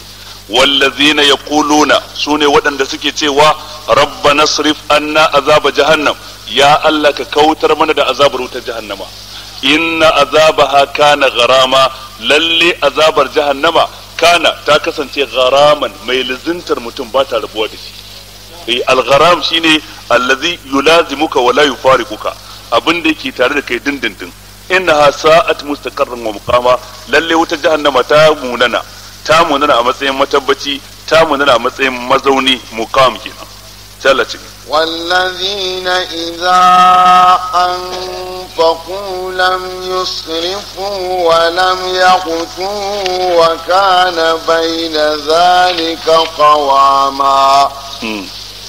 wallazina yaquluna sune waɗanda suke cewa rabbana srif anna azaba jahannam ya Allah ka kautar mana da azabar wutar jahannama inna azabaha kana gharama lalle azabar jahannama kana ta kasance gharaman mai lizintar mutum ba ta rabuwa da shi eh, al-gharam shine allazi yulazimuka wa la yufariquka abin da yake tare da kai dindindin innaha sa'at mustaqarran wa muqama lalle wuta jahannama ta munana ta munana a matsayin matabbaci ta munana a matsayin mazauni muqam kenan sai والذين إذا أنفقوا لم يسرفوا ولم يقتوا وكان بين ذلك قواما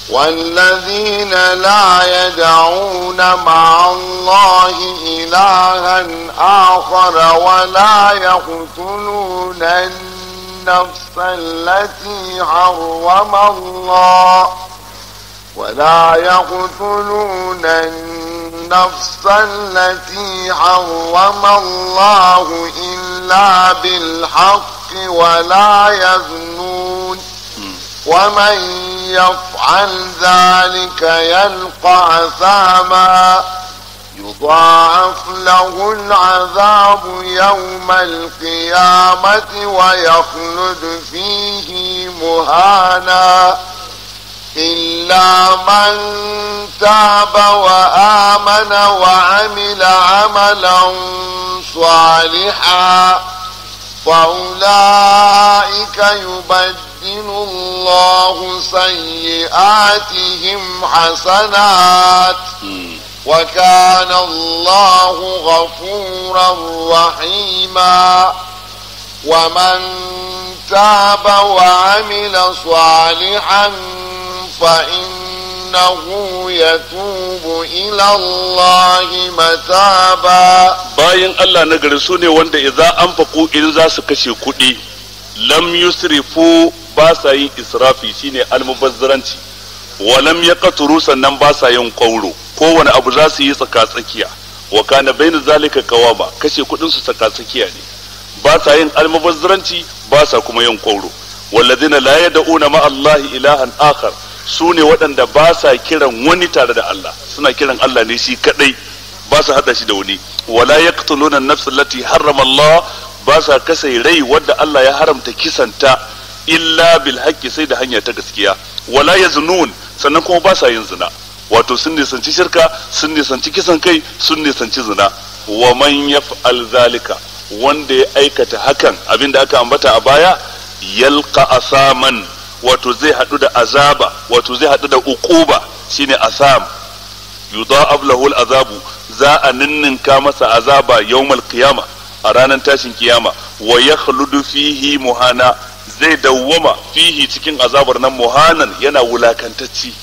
والذين لا يدعون مع الله إلها آخر ولا يقتلون النفس التي حرم الله ولا يقتلون النفس التي حرم الله إلا بالحق ولا يزنون ومن يفعل ذلك يلقى أثاما يضاعف له العذاب يوم القيامة ويخلد فيه مهانا إلا من تاب وآمن وعمل عملا صالحا فأولئك يبدل الله سيئاتهم حسنات وكان الله غفورا رحيما ومن تاب وعمل صالحا فإنه يتوب إلى الله متابا باين الله نغري سوني وند إذا أنفقوا إن سكشي كودي لم يسرفوا باسا ين إسرافي شيني المبذرانتي ولم يقتروا سنن باسا ينقولوا قولو kowane abu za su yi tsaka tsakiya wa kana bayin zalika kawaba kashe kudin su tsaka ne ba sa yin almubazzaranci ba sa kuma yin kwauro wallazina la yad'una ma Allahi ilahan akhar su ne waɗanda ba sa kiran wani tare da Allah suna kiran Allah ne shi kadai ba sa hada shi da wani wala yaqtuluna an-nafs allati harrama Allah ba sa kasai rai wadda Allah ya haramta kisanta illa bil haqqi sai da hanya ta gaskiya wala yaznun sannan kuma ba sa yin zina wato sun nisanci shirka sun nisanci kisan kai sun nisanci zina wa man yaf'al zalika wanda ya aikata hakan abinda aka ambata a baya yalqa asaman wato zai hadu da azaba wato zai hadu da ukuba shine asam yudha'ab lahu azabu za a ninninka masa azaba yawmal qiyama a ranar tashin kiyama wa yakhludu fihi muhana zai dawwama fihi cikin azabar nan muhanan yana wulakantacci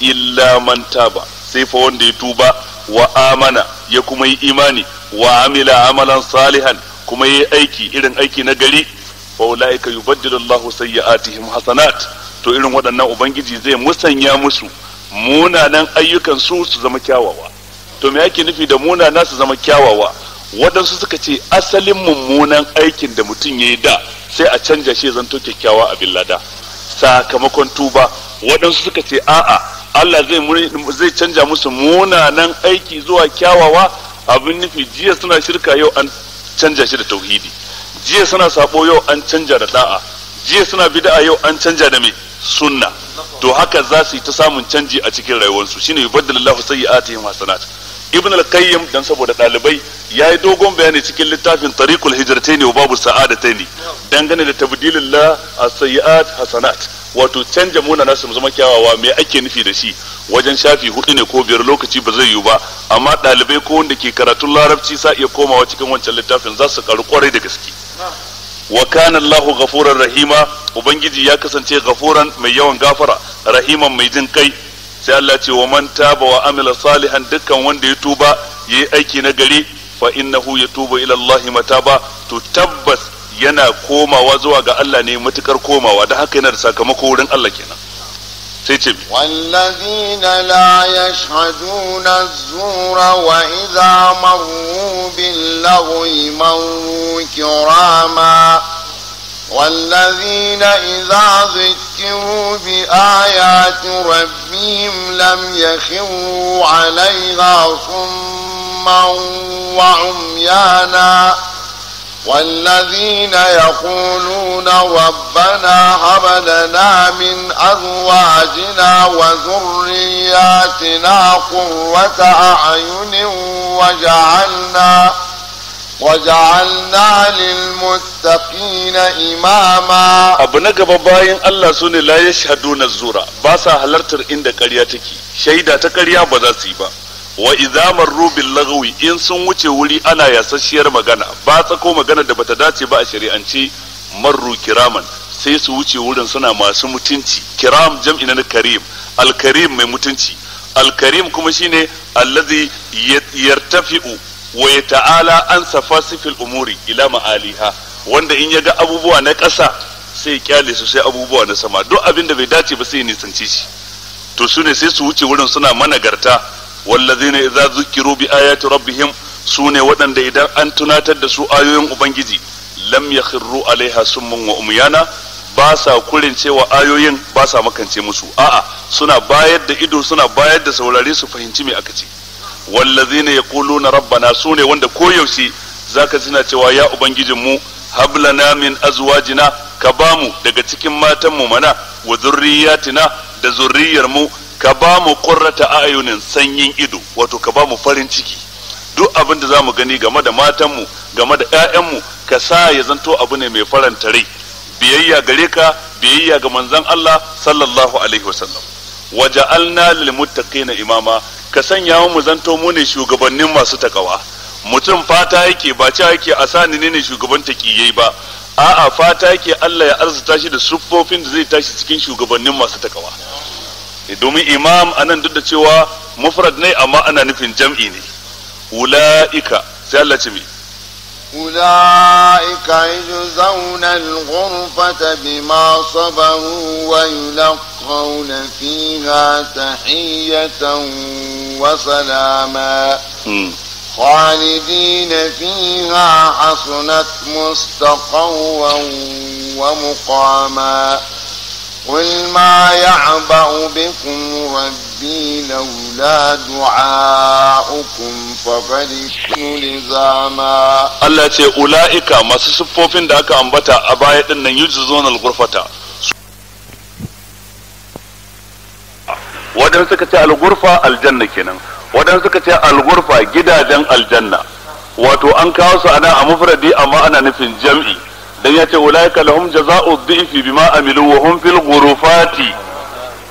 illa man taba sai fa wanda ya tuba wa amana ya kuma yi imani wa amila amalan salihan kuma yayi aiki irin aiki na gari fa ulaika yubaddilu Allahu sayyi'atihim hasanat to irin waɗannan ubangiji zai musanya musu munanan ayyukan su su zama kyawawa to me yake nufi da munana su zama kyawawa waɗansu suka ce asalin mummunan aikin da mutum ya yi da sai a canja shi zanto kyakkyawa abin lada sakamakon tuba waɗansu suka ce a'a Allah zai canja musu munanan aiki zuwa kyawawa abin nufi jiya suna shirka yau an canja shi da tauhidi jiya suna sabo yau an canja da da'a jiya suna bid'a yau an canja da mai sunna to haka za su yi ta samun canji a cikin rayuwarsu shine yubaddalullahu sayyi'atihim hasanat ibn al-qayyim dan saboda dalibai yi dogon bayani cikin littafin tariqul hijratayn wa babu sa'adataini dangane da tabdilillah as-sayyi'at hasanat wato canja muna nasu zama kyawawa me ake nufi da shi wajen shafi hudu ne ko biyar lokaci ba zai yiwu ba amma dalibai ko wanda ke karatun larabci sa iya komawa cikin wancan littafin za su karu kwarai da gaske wa kana Allahu ghafurar rahima ubangiji ya kasance ghafuran mai yawan gafara rahiman mai jin kai sai Allah ce wa man taba wa amila salihan dukkan wanda ya tuba yi aiki na gari fa innahu yatubu ila Allah mataba to tabbas yana komawa zuwa ga Allah ne matukar komawa da haka yana da sakamako wurin Allah kenan sai ce wallazina la yashhaduna az-zura wa idza marru bil-lagwi marru والذين إذا ذكروا بآيات ربهم لم يخروا عليها صما وعميانا والذين يقولون ربنا هب لنا من أزواجنا وذرياتنا قرة أعين وجعلنا وجعلنا للمتقين imama. abu na gaba bayan Allah sune ne la yashhaduna zura ba halartar inda karya take shaida ta karya ba za su yi ba wa idza marru bil in sun wuce wuri ana yasasshiyar magana ba ko magana da bata dace ba a shari'ance marru kiraman sai su wuce wurin suna masu mutunci kiram jam'i na karim al karim mai mutunci al karim kuma shine allazi yartafi'u wa ya ta'ala an fil umuri ila ma'aliha wanda in ya ga abubuwa na ƙasa sai kyale su sai abubuwa na sama duk abin da bai dace ba sai ya nisanci shi to su ne sai su wuce wurin suna managarta wallazina idza zukiru bi ayati rabbihim su ne waɗanda idan an tunatar da su ayoyin ubangiji lam yakhirru alaiha summun wa umyana ba sa kurin cewa ayoyin ba sa makance musu a'a suna bayar da ido suna bayar da saurare su fahimci me aka ce wallazina yaquluna rabbana sune wanda koyaushe zaka suna cewa ya ubangijin mu hablana min azwajina ka bamu daga cikin matanmu mu mana wa zurriyatina da zurriyar mu ka bamu qurrata ayunin sanyin ido wato ka bamu farin ciki duk abin da zamu gani game da matan mu game da ƴaƴan mu ka sa ya zanto abu ne mai faranta rai biyayya gare ka biyayya ga manzon Allah sallallahu alaihi wasallam waja'alna lil muttaqina imama ka sanya mu zanto mu ne shugabannin masu takawa mutum fata yake ba cewa yake asani ne ne shugaban takiyai ba a'a fata yake Allah ya arzuta shi da siffofin da zai tashi cikin shugabannin masu takawa eh, domin imam anan duk da cewa mufrad ne amma ana nufin jam'i ne ula'ika sai Allah ce yuzawna al-ghurfata bima بما wa ويلقون يلقون فيها تحية وسلاما خالدين فيها حسنت مستقوا ومقاما قل ما يعبأ بكم ربي لولا دعاؤكم فقد لزاما الله يقول أولئك ما سسفوفين داك أنبتا أبايت أن يجزون الغرفة waɗansu suka ce algurfa aljanna kenan waɗansu suka ce algurfa gidajen aljanna wato an kawo su ana a mufradi amma ana nufin jam'i dan yace ulaika lahum jazaa'u dhifi bima amilu wa hum fil ghurufati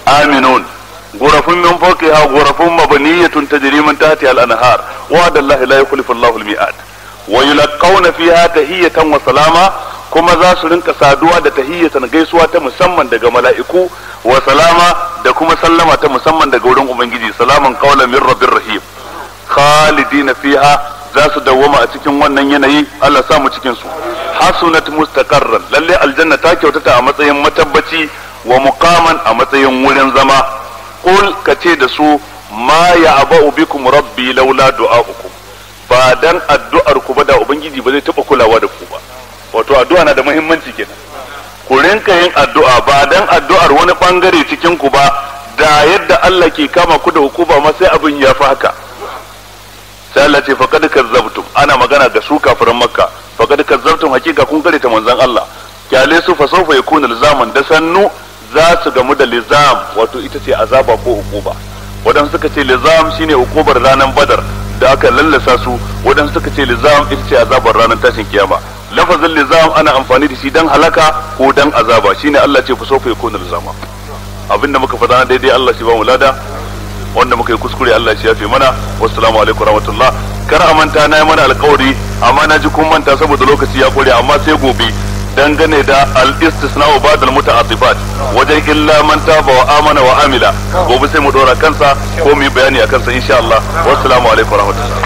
aminun ghurafun min fawqiha ghurafun mabniyatun tajri min tahtiha al anhar wa adallahi la yukhlifu allahu al mi'ad wa yulaqawna fiha tahiyatan wa salama kuma za su rinka saduwa da tahiyatan gaisuwa ta musamman daga mala'iku wasalama. da kuma sallama ta musamman daga wurin ubangiji salaman qawlan min rabbir rahim khalidina fiha za su dawwama a cikin wannan yanayi Allah samu cikin su hasunat mustaqarran lalle aljanna ta kyautata a matsayin matabbaci wa muqaman a matsayin wurin zama qul kace da su ma ya'ba'u bikum rabbi laula du'a'ukum ba dan addu'ar ku ba da ubangiji ba zai taba kulawa da ku ba wato addu'a na da muhimmanci kenan ku rinka yin addu'a ba dan addu'ar wani bangare cikin ku ba da yadda Allah ke kama ku da hukuma ma sai abin ya fi haka sai Allah ce faqad kazzabtum ana magana ga su kafirin makka faqad kazzabtum hakika kun kare ta manzon Allah kyale su fa sawfa yakunu lizaman da sannu za su gamu da lizam wato ita ce azaba ko hukuma wadan suka ce lizam shine hukumar ranar badar da aka lallasa su wadan suka ce lizam ita ce azabar ranar tashin kiyama lafazin lizam ana amfani da shi dan halaka ko dan azaba shine Allah ce fa sofa yakunu lizama abinda muka faɗa na daidai Allah shi ba mu lada wanda muka yi kuskure Allah shi yafe mana wassalamu alaikum rahmatullah kar a manta na yi mana alkawari amma na ji kun manta saboda lokaci ya kore amma sai gobe dangane da al-istisna wa badal muta'atifat wajen illa man taba wa amana wa amila gobe sai mu dora kansa ko mu yi bayani akan kansa insha Allah wassalamu alaikum rahmatullah